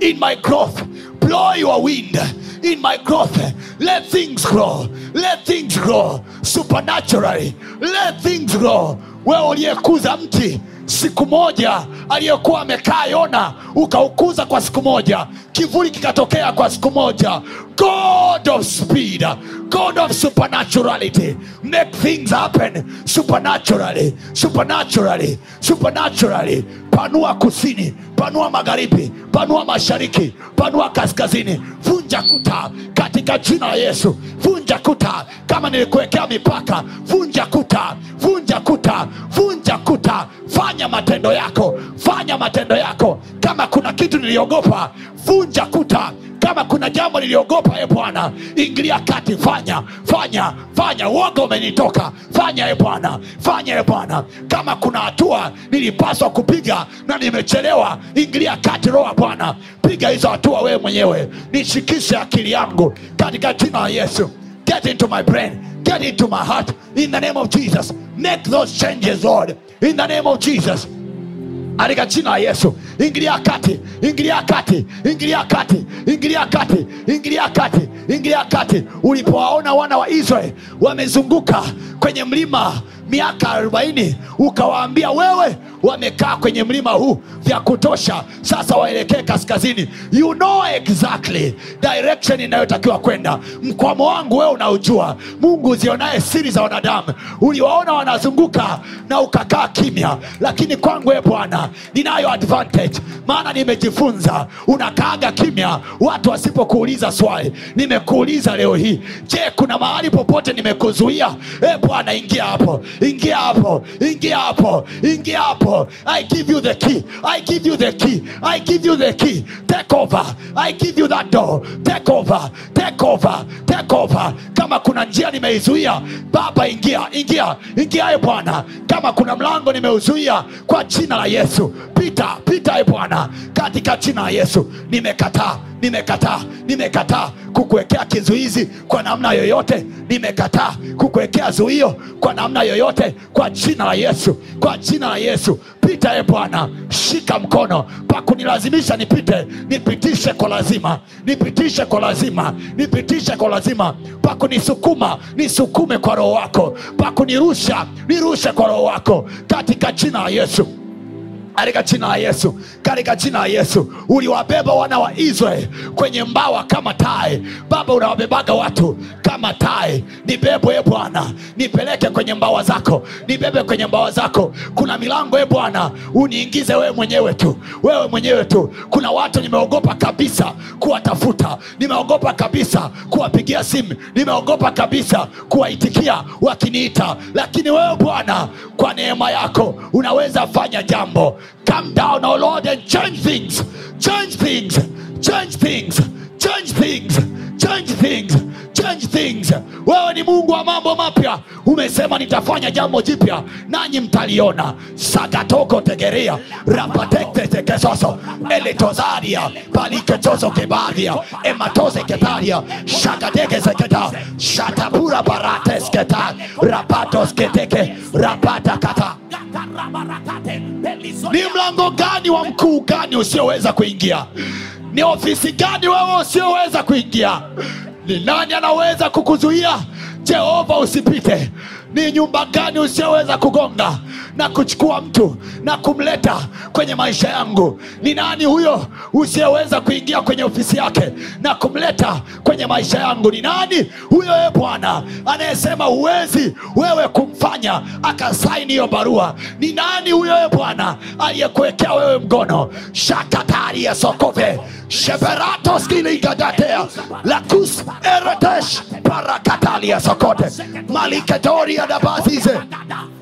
S2: in my growth. Blow your wind in my growth. Let things grow. Let things grow supernaturally. Let things grow. Wewe uliyekuza mti siku moja aliyekuwa amekaa Yona, ukaukuza kwa siku moja, kivuli kikatokea kwa siku moja. God of speed, God of supernaturality. Make things happen supernaturally, supernaturally, supernaturally. Panua kusini, panua magharibi, panua mashariki, panua kaskazini. Vunja kuta katika jina la Yesu. Vunja kuta kama nilikuwekea mipaka, vunja kuta, vunja kuta, vunja kuta. Fanya matendo yako, fanya matendo yako. Kama kuna kitu niliogopa, vunja kuta kama kuna jambo niliogopa e bwana ingilia kati fanya fanya fanya uoga umenitoka fanya e bwana fanya e bwana kama kuna hatua nilipaswa kupiga na nimechelewa ingilia kati roa bwana piga hizo hatua wewe mwenyewe nishikishe akili yangu katika jina la yesu get into my brain get into my heart in the name of jesus make those changes lord in the name of jesus katika jina la Yesu. Ingilia kati, ingilia kati, ingilia kati, ingilia kati, ingilia kati, ingilia kati. Ulipowaona wana wa Israeli wamezunguka kwenye mlima miaka arobaini ukawaambia wewe wamekaa kwenye mlima huu vya kutosha sasa waelekee kaskazini you know exactly direction inayotakiwa kwenda mkwamo wangu wewe unaujua mungu uzionaye siri za wanadamu uliwaona wanazunguka na ukakaa kimya lakini kwangu e bwana ninayo advantage maana nimejifunza unakaaga kimya watu wasipokuuliza swali nimekuuliza leo hii je kuna mahali popote nimekuzuia e bwana ingia hapo ingia hapo, ingia hapo, ingia hapo. I give you the key, I give you the key, I give you the key. Take over, I give you that door. Take over, take over, take over. Kama kuna njia nimeizuia, Baba ingia, ingia, ingia e Bwana. Kama kuna mlango nimeuzuia, kwa jina la Yesu pita, pita e Bwana, katika jina la Yesu. Nimekataa, nimekataa, nimekataa kukuwekea kizuizi kwa namna yoyote. Nimekataa kukuwekea zuio kwa namna yoyote yote kwa jina la Yesu, kwa jina la Yesu. Pita e Bwana, shika mkono pa kunilazimisha nipite, nipitishe kwa lazima, nipitishe kwa lazima, nipitishe kwa lazima, pa kunisukuma, nisukume kwa roho wako, pa kunirusha, nirushe kwa roho wako, katika jina la Yesu, katika jina la Yesu katika jina ya Yesu. Uliwabeba wana wa Israeli kwenye mbawa kama tai. Baba, unawabebaga watu kama tai. nibebwe e Bwana, nipeleke kwenye mbawa zako, nibebe kwenye mbawa zako. Kuna milango e Bwana, uniingize wewe mwenyewe tu, wewe mwenyewe tu. Kuna watu nimeogopa kabisa kuwatafuta, nimeogopa kabisa kuwapigia simu, nimeogopa kabisa kuwaitikia wakiniita, lakini wewe Bwana, kwa neema yako unaweza fanya jambo. Come down, oh Lord, change things, change things, change things. change things, change things, change things. Wewe ni Mungu wa mambo mapya, umesema nitafanya jambo jipya nanyi mtaliona. sakatoko tegeria rapatektetekesoso elitozaria palikechoso kebaria ematoze ketaria shakatekeseketa shatapura baratesketa rapatosketeke kata ni mlango gani wa mkuu gani usioweza kuingia? Ni ofisi gani wewe usioweza kuingia? Ni nani anaweza kukuzuia? Jehova usipite ni nyumba gani usiyoweza kugonga na kuchukua mtu na kumleta kwenye maisha yangu? Ni nani huyo usiyeweza kuingia kwenye ofisi yake na kumleta kwenye maisha yangu? Ni nani huyo, e Bwana, anayesema huwezi wewe kumfanya akasaini hiyo barua? Ni nani huyo, e Bwana, aliyekuwekea wewe mgono? shakatari ya sokove sheperatos lakus eretesh parakatalia sokote maliketori season.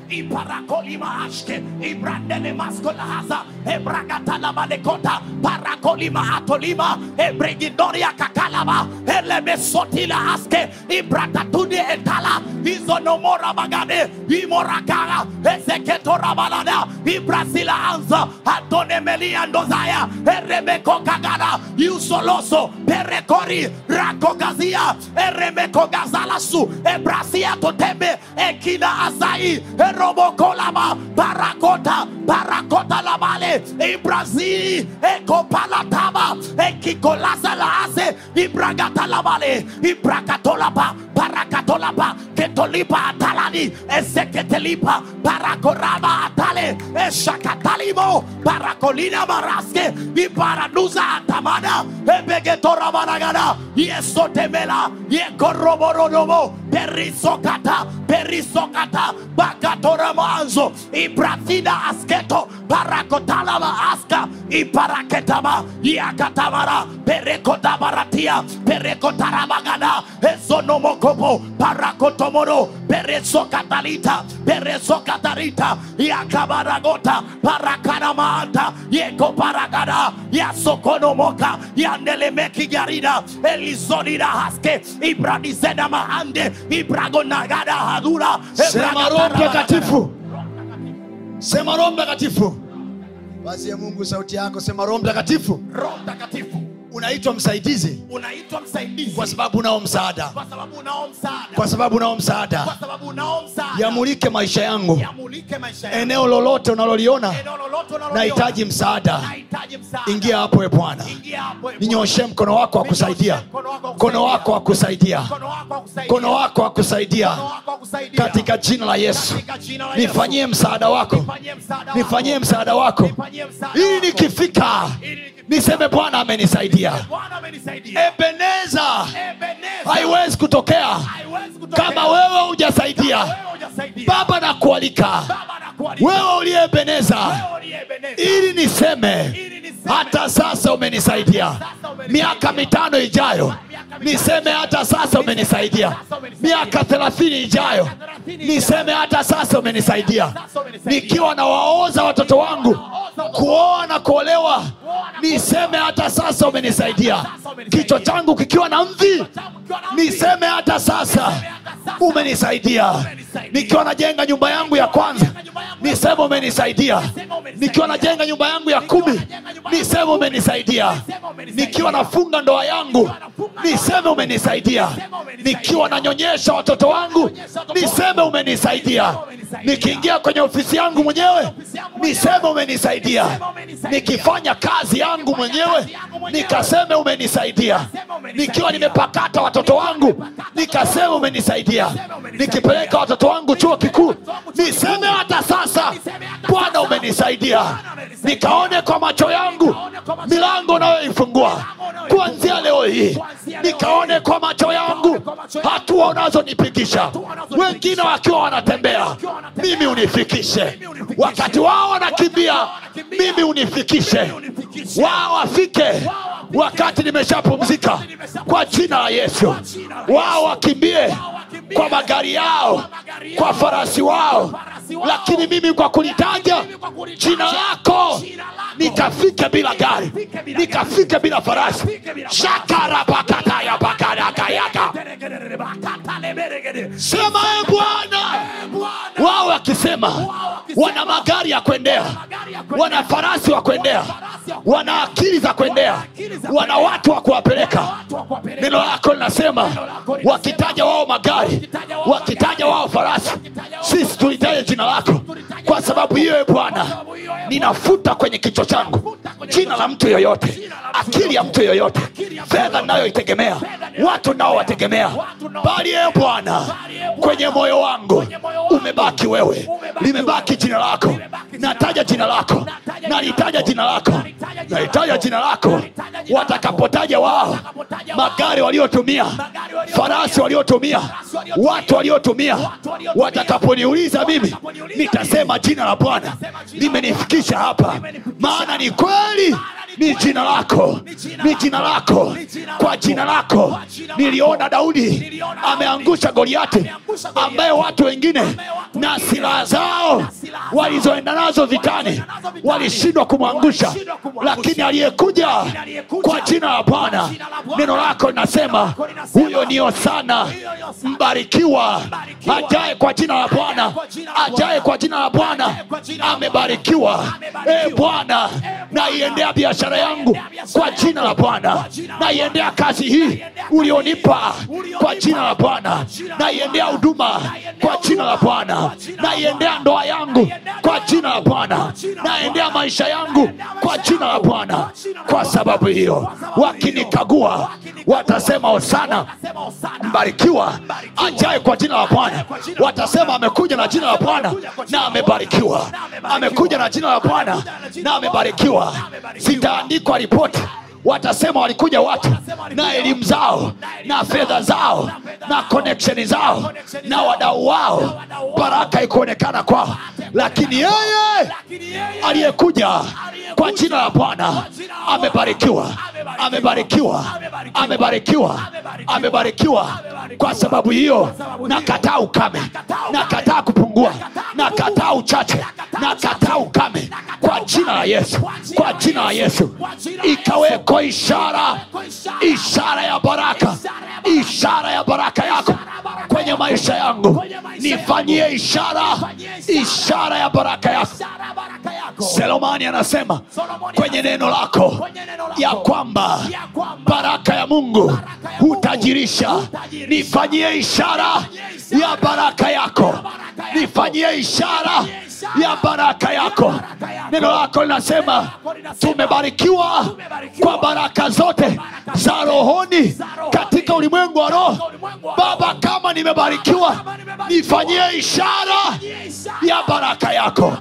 S2: Iparakolima ashke, Ibrandele maskolahaza, Ebrakatala malekota, Parakolima atolima, Ebregidoria kakalaba, Elemesotila aske, Ibrakatuni entala, Izonomora bagade, Imorakara, Ezeketora balada, Ibrazila anza, Antone meliandozaya, Eremeko kagada, Yusoloso, Perekori, Rakokazia, Eremeko gazalasu, Ebrasia totembe, Ekina azai, vale. Parakota, Parakota eco Ibrazi, Ekopalatama, la Laase, Ibragata Lamale, Ibrakatolapa. Barakatolaba, Ketolipa Talani, Eseketelipa, Barakoraba Atale, Eshakatalimo, Barakolina Maraske, Ibaranuza Tamana, Ebegetora Maragana, Yesotemela, Yekoroborodomo, Perisokata, Perisokata, Bakatora Manzo, Ibratina Asketo, Barakotalama Aska, Ibaraketama, Iakatamara, Perekotabaratia, Perekotaramagana, Esonomoko. Yakobo parakotomoro perezo katalita perezo katarita yakabaragota parakanamanta yeko paragada yasokonomoka yandelemeki garina elizonida haske ibradizena mahande ibragonagada hadura sema roho mtakatifu
S1: basi ya mungu sauti yako sema roho mtakatifu roho mtakatifu
S2: unaitwa msaidizi kwa sababu unao msaada kwa sababu unao msaada yamulike maisha yangu yamulike maisha yangu eneo lolote unaloliona nahitaji msaada ingia hapo e bwana ninyoshe mkono wako wa kusaidia mkono wako wa kusaidia mkono wako wa kusaidia katika jina la yesu nifanyie msaada wako nifanyie msaada wako ili nikifika niseme bwana amenisaidia ebeneza haiwezi kutokea kama wewe hujasaidia baba na kualika wewe uliyebeneza ili niseme hata sasa umenisaidia miaka mitano ijayo niseme hata sasa umenisaidia. Miaka thelathini ijayo niseme hata sasa umenisaidia. Nikiwa nawaoza watoto wangu kuoa na kuolewa, niseme hata sasa umenisaidia. Kichwa changu kikiwa na mvi, niseme hata sasa umenisaidia. Nikiwa najenga nyumba yangu ya kwanza, niseme umenisaidia. Nikiwa najenga nyumba yangu ya kumi, niseme umenisaidia. Nikiwa nafunga ndoa yangu niseme umenisaidia, nikiwa nanyonyesha watoto wangu niseme umenisaidia, nikiingia kwenye ofisi yangu mwenyewe niseme umenisaidia, nikifanya kazi yangu mwenyewe nikaseme umenisaidia, nikiwa nimepakata watoto wangu nikaseme umenisaidia, nikipeleka watoto wangu chuo kikuu niseme hata sasa Bwana umenisaidia, nikaone kwa macho yangu milango unayoifungua kuanzia leo hii nikaone kwa macho yangu hatua unazonipigisha, wengine wakiwa wanatembea, mimi unifikishe. Wakati wao wanakimbia, mimi unifikishe, wao wafike wakati nimeshapumzika, kwa jina la Yesu. Wao wakimbie kwa magari yao, kwa farasi wao, lakini mimi kwa kulitaja jina lako nikafike bila gari nikafike bila farasi shakarabakatayabakadakayaka sema e bwana wao akisema wana magari ya kuendea, wana farasi wa kuendea, wana akili za kuendea, wana watu wa kuwapeleka. Neno lako linasema wakitaja wao magari, wakitaja wao farasi, sisi tulitaje jina lako. Kwa sababu hiyo, ee Bwana, ninafuta kwenye kichwa changu jina la mtu yoyote, akili ya mtu yoyote, fedha ninayoitegemea, watu naowategemea, bali e Bwana, kwenye moyo wangu umebaki wewe, limebaki jina lako, nataja jina lako, nalitaja jina lako, nalitaja jina lako. Watakapotaja wao magari waliotumia, farasi waliotumia, watu waliotumia, watakaponiuliza mimi, nitasema jina la Bwana limenifikisha hapa, maana ni kweli ni jina lako ni jina lako kwa jina lako niliona daudi ameangusha goliati ambaye watu wengine na silaha zao walizoenda nazo vitani walishindwa kumwangusha lakini aliyekuja kwa jina la bwana neno lako linasema huyo niyo sana mbarikiwa ajaye kwa jina la bwana ajaye kwa jina la bwana amebarikiwa e bwana naiendea biashara biashara yangu kwa jina la Bwana, naiendea kazi hii ulionipa kwa jina la Bwana, naiendea huduma kwa jina la Bwana, naiendea ndoa yangu kwa jina la Bwana, naendea maisha yangu kwa jina la Bwana. Kwa sababu hiyo wakinikagua watasema Hosana mbarikiwa ajaye kwa jina la Bwana. Watasema amekuja na jina la Bwana na amebarikiwa, amekuja na jina la Bwana na amebarikiwa. sita wataandikwa ripoti watasema walikuja watu na elimu zao na fedha zao na konekshen zao na wadau wao, baraka ikuonekana kwao. Lakini yeye aliyekuja kwa jina la Bwana amebarikiwa amebarikiwa amebarikiwa amebarikiwa kwa sababu hiyo nakataa ukame nakataa kupungua nakataa uchache nakataa ukame kwa jina la yesu kwa jina la yesu ikaweko ishara ishara ya baraka ishara ya baraka yako kwenye maisha yangu nifanyie ishara ishara ya baraka yako selomani anasema kwenye neno lako ya kwamba kwamba baraka ya Mungu hutajirisha. Nifanyie ishara ya baraka yako, nifanyie ishara ya baraka yako neno lako linasema tumebarikiwa kwa baraka zote za rohoni katika ulimwengu wa roho baba kama nimebarikiwa nifanyie ishara ya baraka yako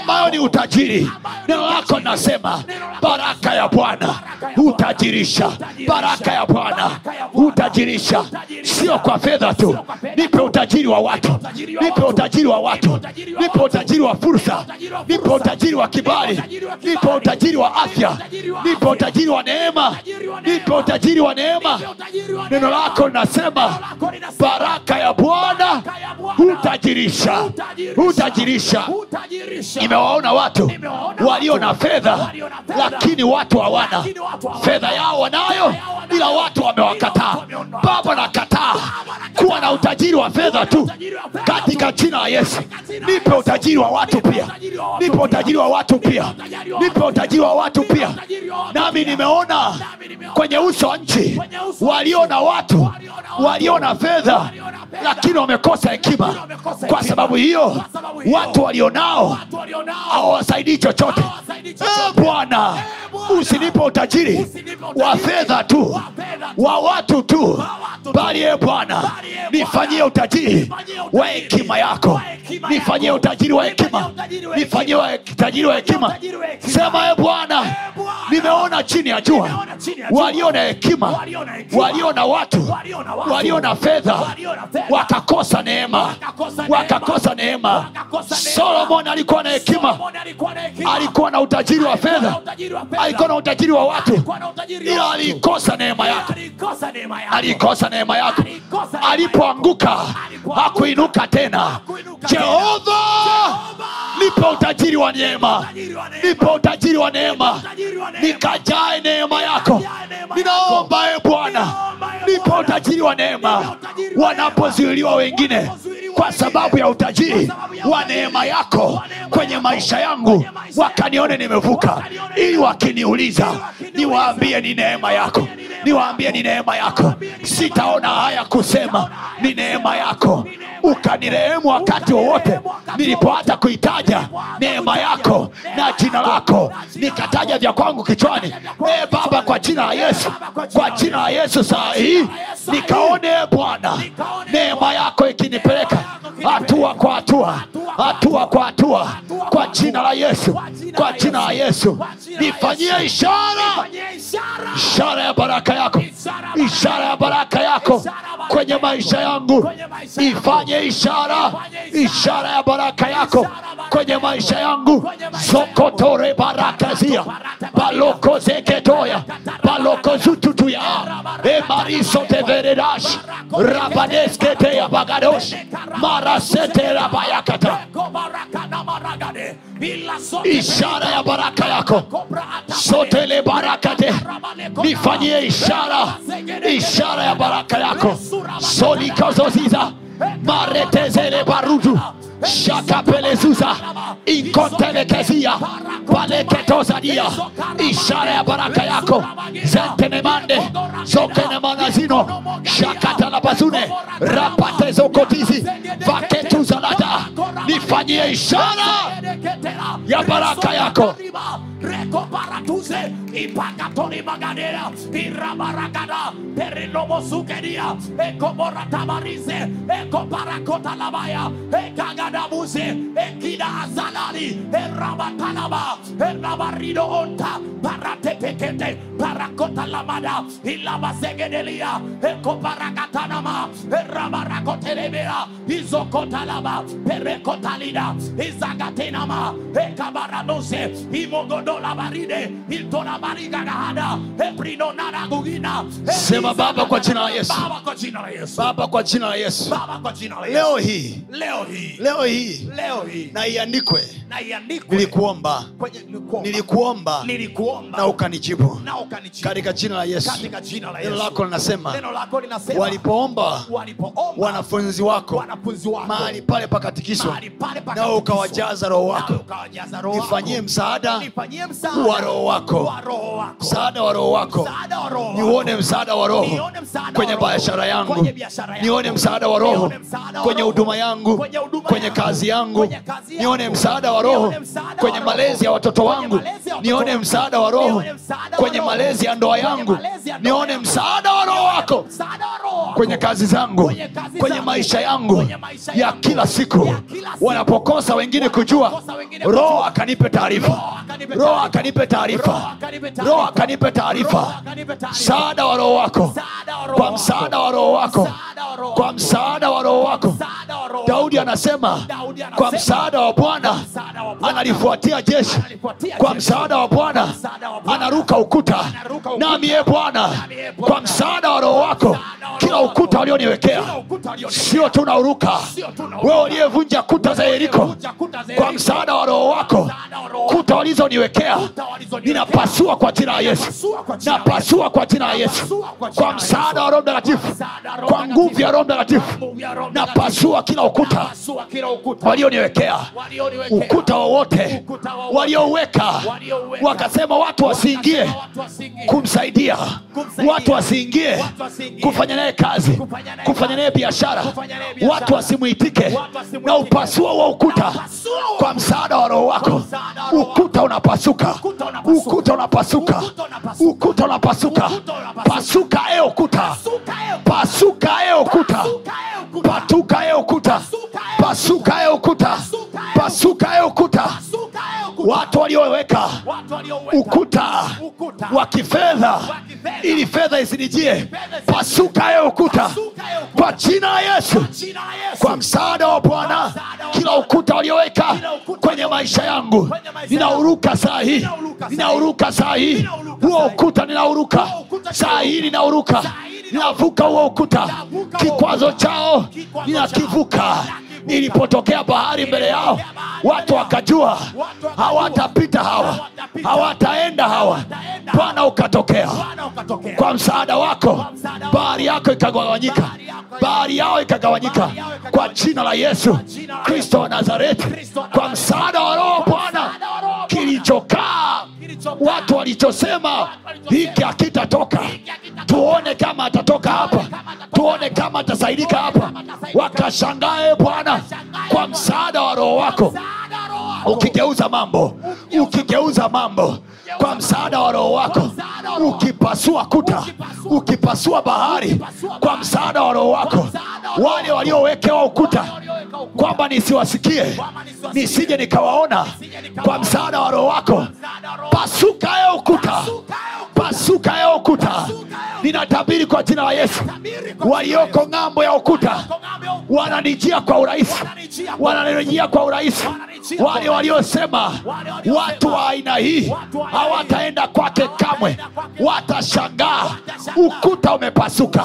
S2: ambayo ni utajiri neno lako linasema baraka ya bwana hutajirisha baraka ya bwana hutajirisha sio kwa fedha tu nipe utajiri wa watu nipe utajiri wa watu nipe utajiri utajiri wa fursa nipo utajiri wa kibali nipo utajiri wa afya nipo utajiri wa neema nipo utajiri wa neema neno lako linasema baraka ya bwana hutajirisha hutajirisha nimewaona watu walio na fedha lakini watu hawana fedha yao wanayo ila watu wamewakataa baba nakataa kuwa na utajiri wa fedha tu katika jina la yesu nipe utajiri wa watu pia nipo utajiri wa watu pia nipo utajiri wa watu pia nami nimeona kwenye uso wa nchi walio na watu walio na fedha lakini wamekosa hekima kwa sababu hiyo watu walionao hawawasaidii chochote eh, bwana eh, usinipo utajiri wa fedha tu wa watu tu bali e bwana nifanyie utajiri wa hekima yako nifanyie utajiri wa hekima, nifanyie tajiri wa hekima. Sema e Bwana, nimeona chini ya jua walio na hekima, walio na watu, walio na fedha, wakakosa neema, wakakosa neema. Solomon alikuwa na hekima, alikuwa na utajiri wa fedha, alikuwa na utajiri wa watu, ila aliikosa neema yako, aliikosa neema yako. Alipoanguka hakuinuka tena. Jehova nipe utajiri wa neema nipe utajiri wa neema nikajae neema yako ninaomba e bwana nipe utajiri wa neema wanapozuiliwa wengine kwa sababu ya utajiri wa neema yako kwenye maisha yangu wakanione nimevuka ili wakiniuliza niwaambie ni neema yako niwaambie ni neema yako sitaona haya kusema ni neema yako ukanirehemu wakati wowote nilipohata kuitaja neema yako na jina lako nikataja vya kwangu kichwani e baba kwa jina la yesu kwa jina la yesu saa hii nikaone e bwana neema yako ikinipeleka hatua kwa hatua hatua kwa hatua kwa jina la yesu kwa jina la yesu nifanyie ishara ishara ya baraka yako, ishara ya baraka yako, kwenye maisha yangu, ifanye ishara, ishara ya baraka yako kwenye maisha yangu. zokotore barakazia baloko zeketoya emarisoteveredash e rabanesketeya bagadosh maraseterabayakata ishara ya baraka yako sotele barakate nifanyie ishara ishara ya baraka yako solikazoziza maretezele barudu shakapelezuza inkontelekezia paleketozadia ishara ya baraka yako zentenemande zokenemanazino shakatalabazune rapatezokotizi vaketuzalada nifanyie ishara ya baraka yako rekoparatuze ipakatonimagadera irabarakada perilomosukedia ekomoratamarize ekoparakotalabaya ekagada Radabuze, Ekida Azanani, Erabatanaba, Onta, Parakota Lamada, Izagatenama, Ekabaranose, Imogodola Iltona Naragugina, Baba kwa jina Yesu. Baba kwa jina Yesu. Baba kwa jina Yesu. Baba Leo hi. Leo hi. Leo leo hii, na iandikwe nilikuomba nilikuomba na ukanijibu katika jina la yesu neno lako linasema walipoomba wanafunzi wako mahali pale pakatikiswa nao ukawajaza roho wako nifanyie msaada wa roho wako msaada wa roho wako nione msaada wa roho kwenye biashara yangu nione msaada wa roho kwenye huduma yangu kwenye kwenye kazi yangu, nione msaada wa Roho kwenye malezi ya watoto wangu, nione msaada wa Roho kwenye malezi ya ndoa yangu, nione msaada wa Roho wako
S1: kwenye kazi zangu, kwenye maisha yangu ya kila siku.
S2: Wanapokosa wengine kujua, Roho akanipe taarifa, Roho akanipe taarifa, Roho akanipe taarifa, msaada wa Roho wako, kwa msaada wa Roho wako, kwa msaada wa Roho wako. Daudi anasema kwa msaada wa Bwana analifuatia jeshi, kwa msaada wa Bwana anaruka ukuta, nami ye ee ee Bwana, kwa msaada wa Roho wako kila ukuta walioniwekea sio tu nauruka. Wewe uliyevunja kuta za Yeriko, kwa msaada wa Roho wako kuta walizoniwekea ninapasua kwa jina ya Yesu, napasua kwa jina ya Yesu, kwa msaada wa Roho Mtakatifu, kwa nguvu ya Roho Mtakatifu napasua kila ukuta walioniwekea ukuta wowote walioweka wakasema watu wasiingie kumsaidia watu wasiingie kufanya naye kazi kufanya naye biashara watu wasimwitike na upasuo wa ukuta kwa msaada wa roho wako ukuta unapasuka ukuta unapasuka ukuta unapasuka pasuka e ukuta pasuka e ukuta e e patuka e ukuta pasuka e pasukae ukuta pasukae ukuta watu walioweka ukuta wa kifedha ili fedha isinijie ya ukuta kwa jina ya yesu kwa msaada wa bwana kila ukuta walioweka kwenye maisha yangu ninauruka saa hii ninauruka saa hii huo ukuta ninauruka saa hii ninauruka ninavuka huo ukuta kikwazo chao ninakivuka nilipotokea bahari mbele yao, watu wakajua hawatapita hawa, hawataenda hawa. Bwana ukatokea kwa msaada wako, bahari yako ikagawanyika, bahari yao ikagawanyika kwa jina la Yesu Kristo wa Nazareti, kwa msaada wa Roho Bwana kilichokaa watu walichosema hiki akitatoka tuone kama atatoka hapa, tuone kama atasaidika hapa. Wakashangae Bwana kwa msaada wa Roho wako, ukigeuza mambo, ukigeuza mambo kwa msaada wa roho wako ukipasua kuta ukipasua bahari kwa msaada wa roho wako wale waliowekewa ukuta kwamba nisiwasikie nisije nikawaona kwa msaada wa roho wako pasuka yo ukuta pasuka yo ukuta ninatabiri kwa jina la yesu walioko ng'ambo ya ukuta wananijia kwa urahisi wananirejea kwa urahisi wale waliosema watu wa aina hii hawataenda kwake kamwe, watashangaa ukuta umepasuka,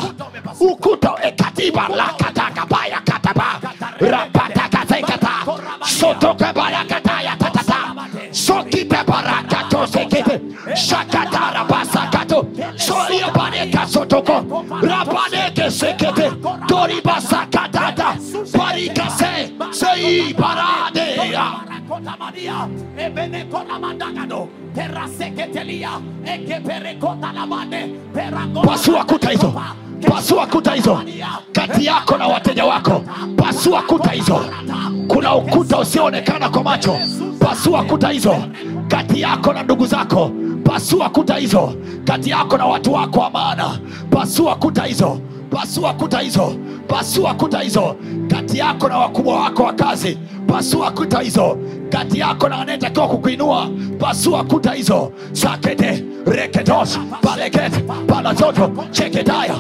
S2: ukuta ekatiba lakatakabaya kataba rapatakazekata sotokebarakataya tatata sokitebarakatosekete shakatarabasaka soria baneka sotoko rabaneke sekete toriba sakatata parikase sei paradea kota maria ebene kota pasua kuta hizo pasua kuta hizo kati yako na wateja wako pasua kuta hizo kuna ukuta usioonekana kwa macho pasua kuta hizo kati yako na ndugu zako pasua kuta hizo kati yako na watu wako wa maana. Pasua kuta hizo, pasua kuta hizo, pasua kuta hizo kati yako na wakubwa wako wa kazi. Pasua kuta hizo kati yako na anayetakiwa kukuinua. Pasua kuta hizo sakete reketos paleket palatoto cheketaya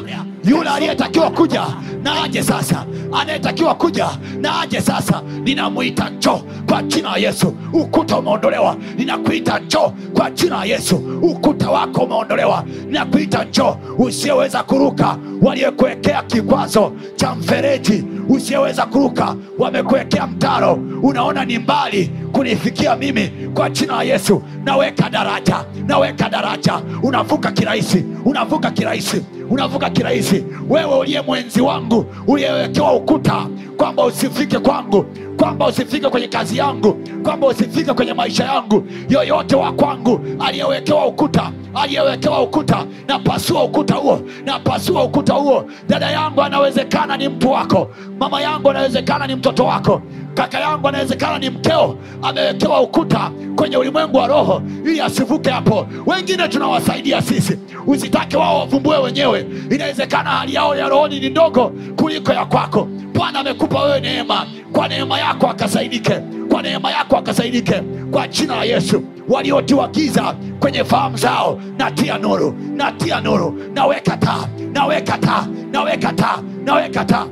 S2: yule aliyetakiwa kuja na aje sasa, anayetakiwa kuja na aje sasa. Ninamwita njo kwa jina la Yesu, ukuta umeondolewa. Ninakuita njo kwa jina la Yesu, ukuta wako umeondolewa. Ninakuita njo, usiyeweza kuruka waliyekuwekea kikwazo cha mfereji, usiyeweza kuruka wamekuwekea mtaro, unaona ni mbali kunifikia mimi. Kwa jina la Yesu naweka daraja, naweka daraja, unavuka kirahisi, unavuka kirahisi, unavuka kirahisi wewe uliye mwenzi wangu uliyewekewa ukuta kwamba usifike kwangu kwamba usifike kwenye kazi yangu, kwamba usifike kwenye maisha yangu. Yoyote wa kwangu aliyewekewa ukuta, aliyewekewa ukuta, napasua ukuta huo, napasua ukuta huo. Dada yangu anawezekana ni mtu wako, mama yangu anawezekana ni mtoto wako, kaka yangu anawezekana ni mkeo, amewekewa ukuta kwenye ulimwengu wa roho ili asivuke hapo. Wengine tunawasaidia sisi, usitake wao wavumbue wenyewe. Inawezekana hali yao ya rohoni ni ndogo kuliko ya kwako bwana amekupa wewe neema kwa neema yako akasaidike kwa neema yako akasaidike kwa jina la yesu waliotiwa giza kwenye fahamu zao na tia nuru na tia nuru naweka taa naweka taa naweka taa naweka taa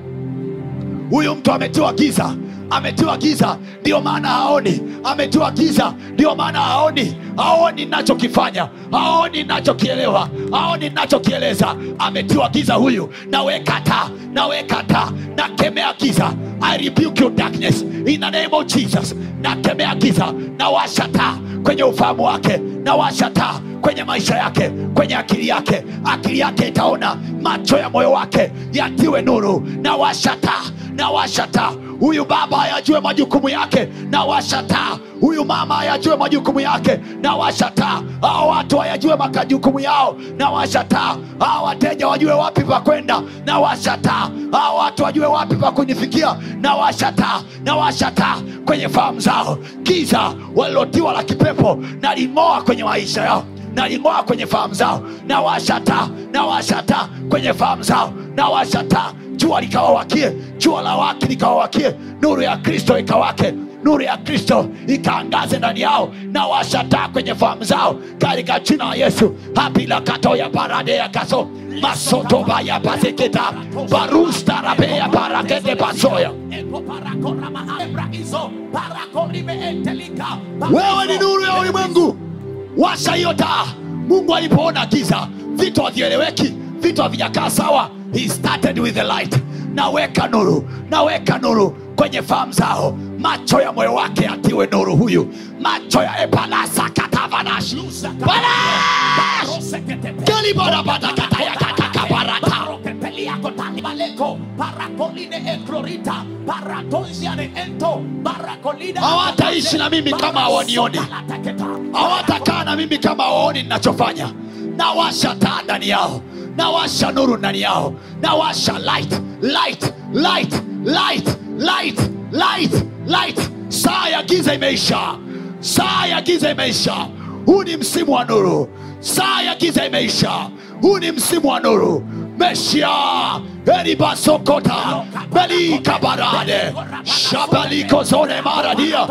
S2: huyu mtu ametiwa giza ametiwa giza ndio maana haoni ametiwa giza ndio maana haoni haoni nachokifanya haoni nachokielewa haoni nachokieleza ametiwa giza huyu nawekata nawekata nakemea giza i jesus nakemea giza nawashataa kwenye ufahamu wake nawashataa kwenye maisha yake kwenye akili yake akili yake itaona macho ya moyo wake yatiwe nuru na washata na washata huyu baba ayajue majukumu yake na washata huyu mama ayajue majukumu yake na washata hao watu ayajue makajukumu yao na washata hao wateja wajue wapi pa kwenda na washata hao watu wajue wapi pa kunifikia na washata na washata kwenye fahamu zao giza walilotiwa la kipepo na limoa kwenye maisha yao naling'oa kwenye fahamu zao na washa taa na washa taa kwenye fahamu zao na washa taa jua likawawakie jua la waki likawawakie nuru ya kristo ikawake nuru ya kristo ikaangaze ndani yao na washataa kwenye fahamu zao katika jina la yesu kato ya parade ya kaso masotoba ya paseketa barustarabe ya parakete pasoya wewe ni nuru ya ulimwengu washa hiyo taa mungu alipoona giza vitu havieleweki vitu havijakaa sawa he started with the light naweka nuru naweka nuru kwenye fahamu zao macho ya moyo wake atiwe nuru huyu macho ya epalasa katavanashusakalibonabatakatayakatakabaraka Liakotani Maleko, Paracolide Eclorita, Paratonsiane Ento, Paracolida. Hawataishi na mimi kama hawanioni, hawatakaa na mimi kama hawaoni ninachofanya. Nawasha taa ndani yao, nawasha nuru ndani yao, nawasha light, light, light, light, light, light, light. Saa ya giza imeisha, saa ya giza imeisha. Huu ni msimu wa nuru, saa ya giza imeisha. huu ni msimu wa nuru meshia eribasokota belikabarade shabalikozone maradia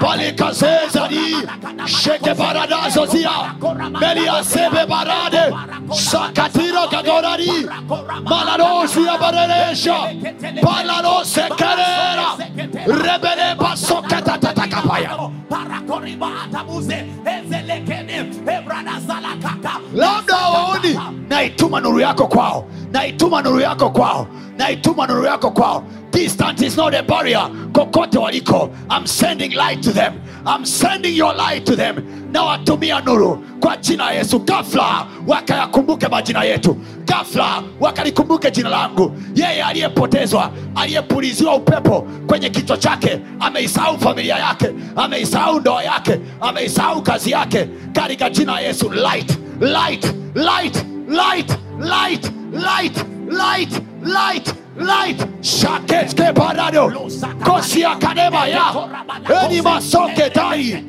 S2: balikazezani shekebaradazozia meliasebe barade sakatiro kagorari malarozia bareresha balalosekerera rebele basoketatetakapaya labda waoni naituma nuru yako kwao naituma nuru yako kwao naituma nuru yako kwao distance is not a barrier kokote waliko I'm sending light to them I'm sending your light to them nawatumia nuru kwa jina yesu gafla wakayakumbuke majina yetu gafla wakalikumbuke jina langu yeye aliyepotezwa aliyepuliziwa upepo kwenye kichwa chake ameisahau familia yake ameisahau ndoa yake ameisahau kazi yake katika jina yesu light light, light, light, light, light, light, light, light. Shaket ke parado. Kosia kadeba ya. Enima soketai.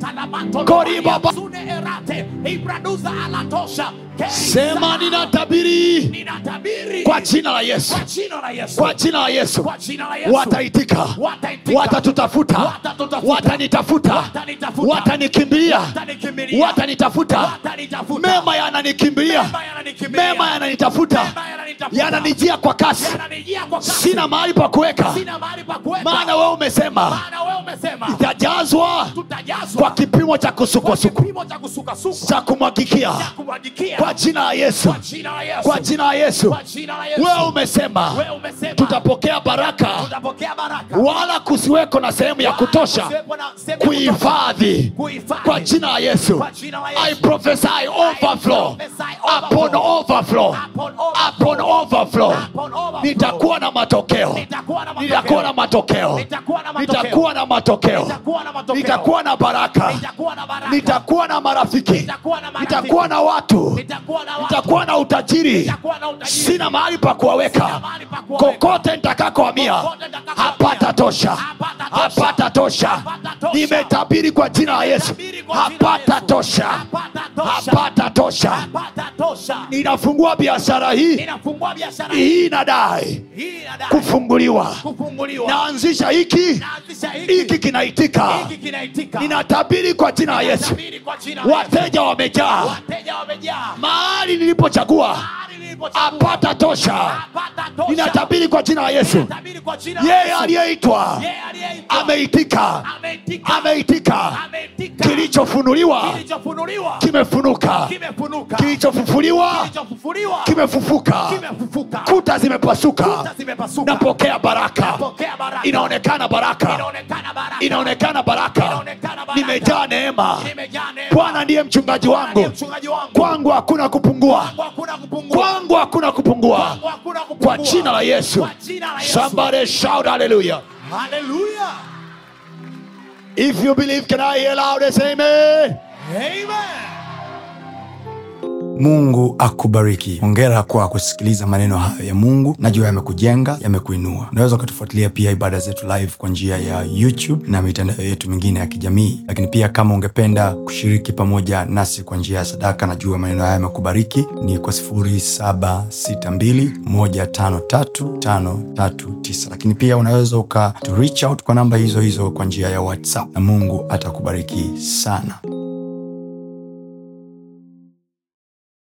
S2: Koriba. He produces alatosha. Sema ninatabiri kwa jina la Yesu, kwa jina la Yesu wataitika, watatutafuta, watanitafuta, watanikimbia, watanitafuta. Mema yananikimbilia, mema yananitafuta, yananijia kwa kasi, sina mahali pa kuweka, maana wewe umesema itajazwa kwa kipimo cha kusukasuku cha kumwagikia kwa jina ya Yesu, kwa jina ya Yesu. Wewe umesema tutapokea baraka, wala kusiweko na sehemu ya kutosha kuhifadhi. Kwa jina la Yesu, I prophesy overflow upon overflow upon overflow. Nitakuwa na matokeo, nitakuwa na matokeo, nitakuwa na matokeo, nitakuwa na baraka, nitakuwa na marafiki, nitakuwa na watu nitakuwa na utajiri, sina mahali pa kuwaweka. Kokote tosha hapata tosha Nimetabiri kwa jina la Yesu, hapata tosha Ninafungua biashara hii, hii inadai kufunguliwa. Naanzisha hiki hiki, kinaitika. Ninatabiri kwa jina la Yesu, wateja wamejaa mahali nilipochagua apata tosha. inatabiri kwa jina la Yesu, yeye aliyeitwa ameitika, ameitika. Kilichofunuliwa kimefunuka, kilichofufuliwa kimefufuka, kuta zimepasuka. Napokea baraka, inaonekana baraka, inaonekana baraka, nimejaa neema. Bwana ndiye mchungaji wangu, kwangu hakuna kupungua, kwangu kwangu hakuna kupungua kwa jina la yesu somebody shout hallelujah hallelujah if you believe can i hear loud amen amen
S1: Mungu akubariki. Hongera kwa kusikiliza maneno hayo ya Mungu, najua yamekujenga, yamekuinua. Unaweza ukatufuatilia pia ibada zetu live kwa njia ya YouTube na mitandao yetu mingine ya kijamii, lakini pia kama ungependa kushiriki pamoja nasi kwa njia ya sadaka, najua maneno hayo yamekubariki, ni kwa 0762153539 lakini pia unaweza ukatu reach out kwa namba hizo hizo kwa njia ya WhatsApp na Mungu atakubariki sana.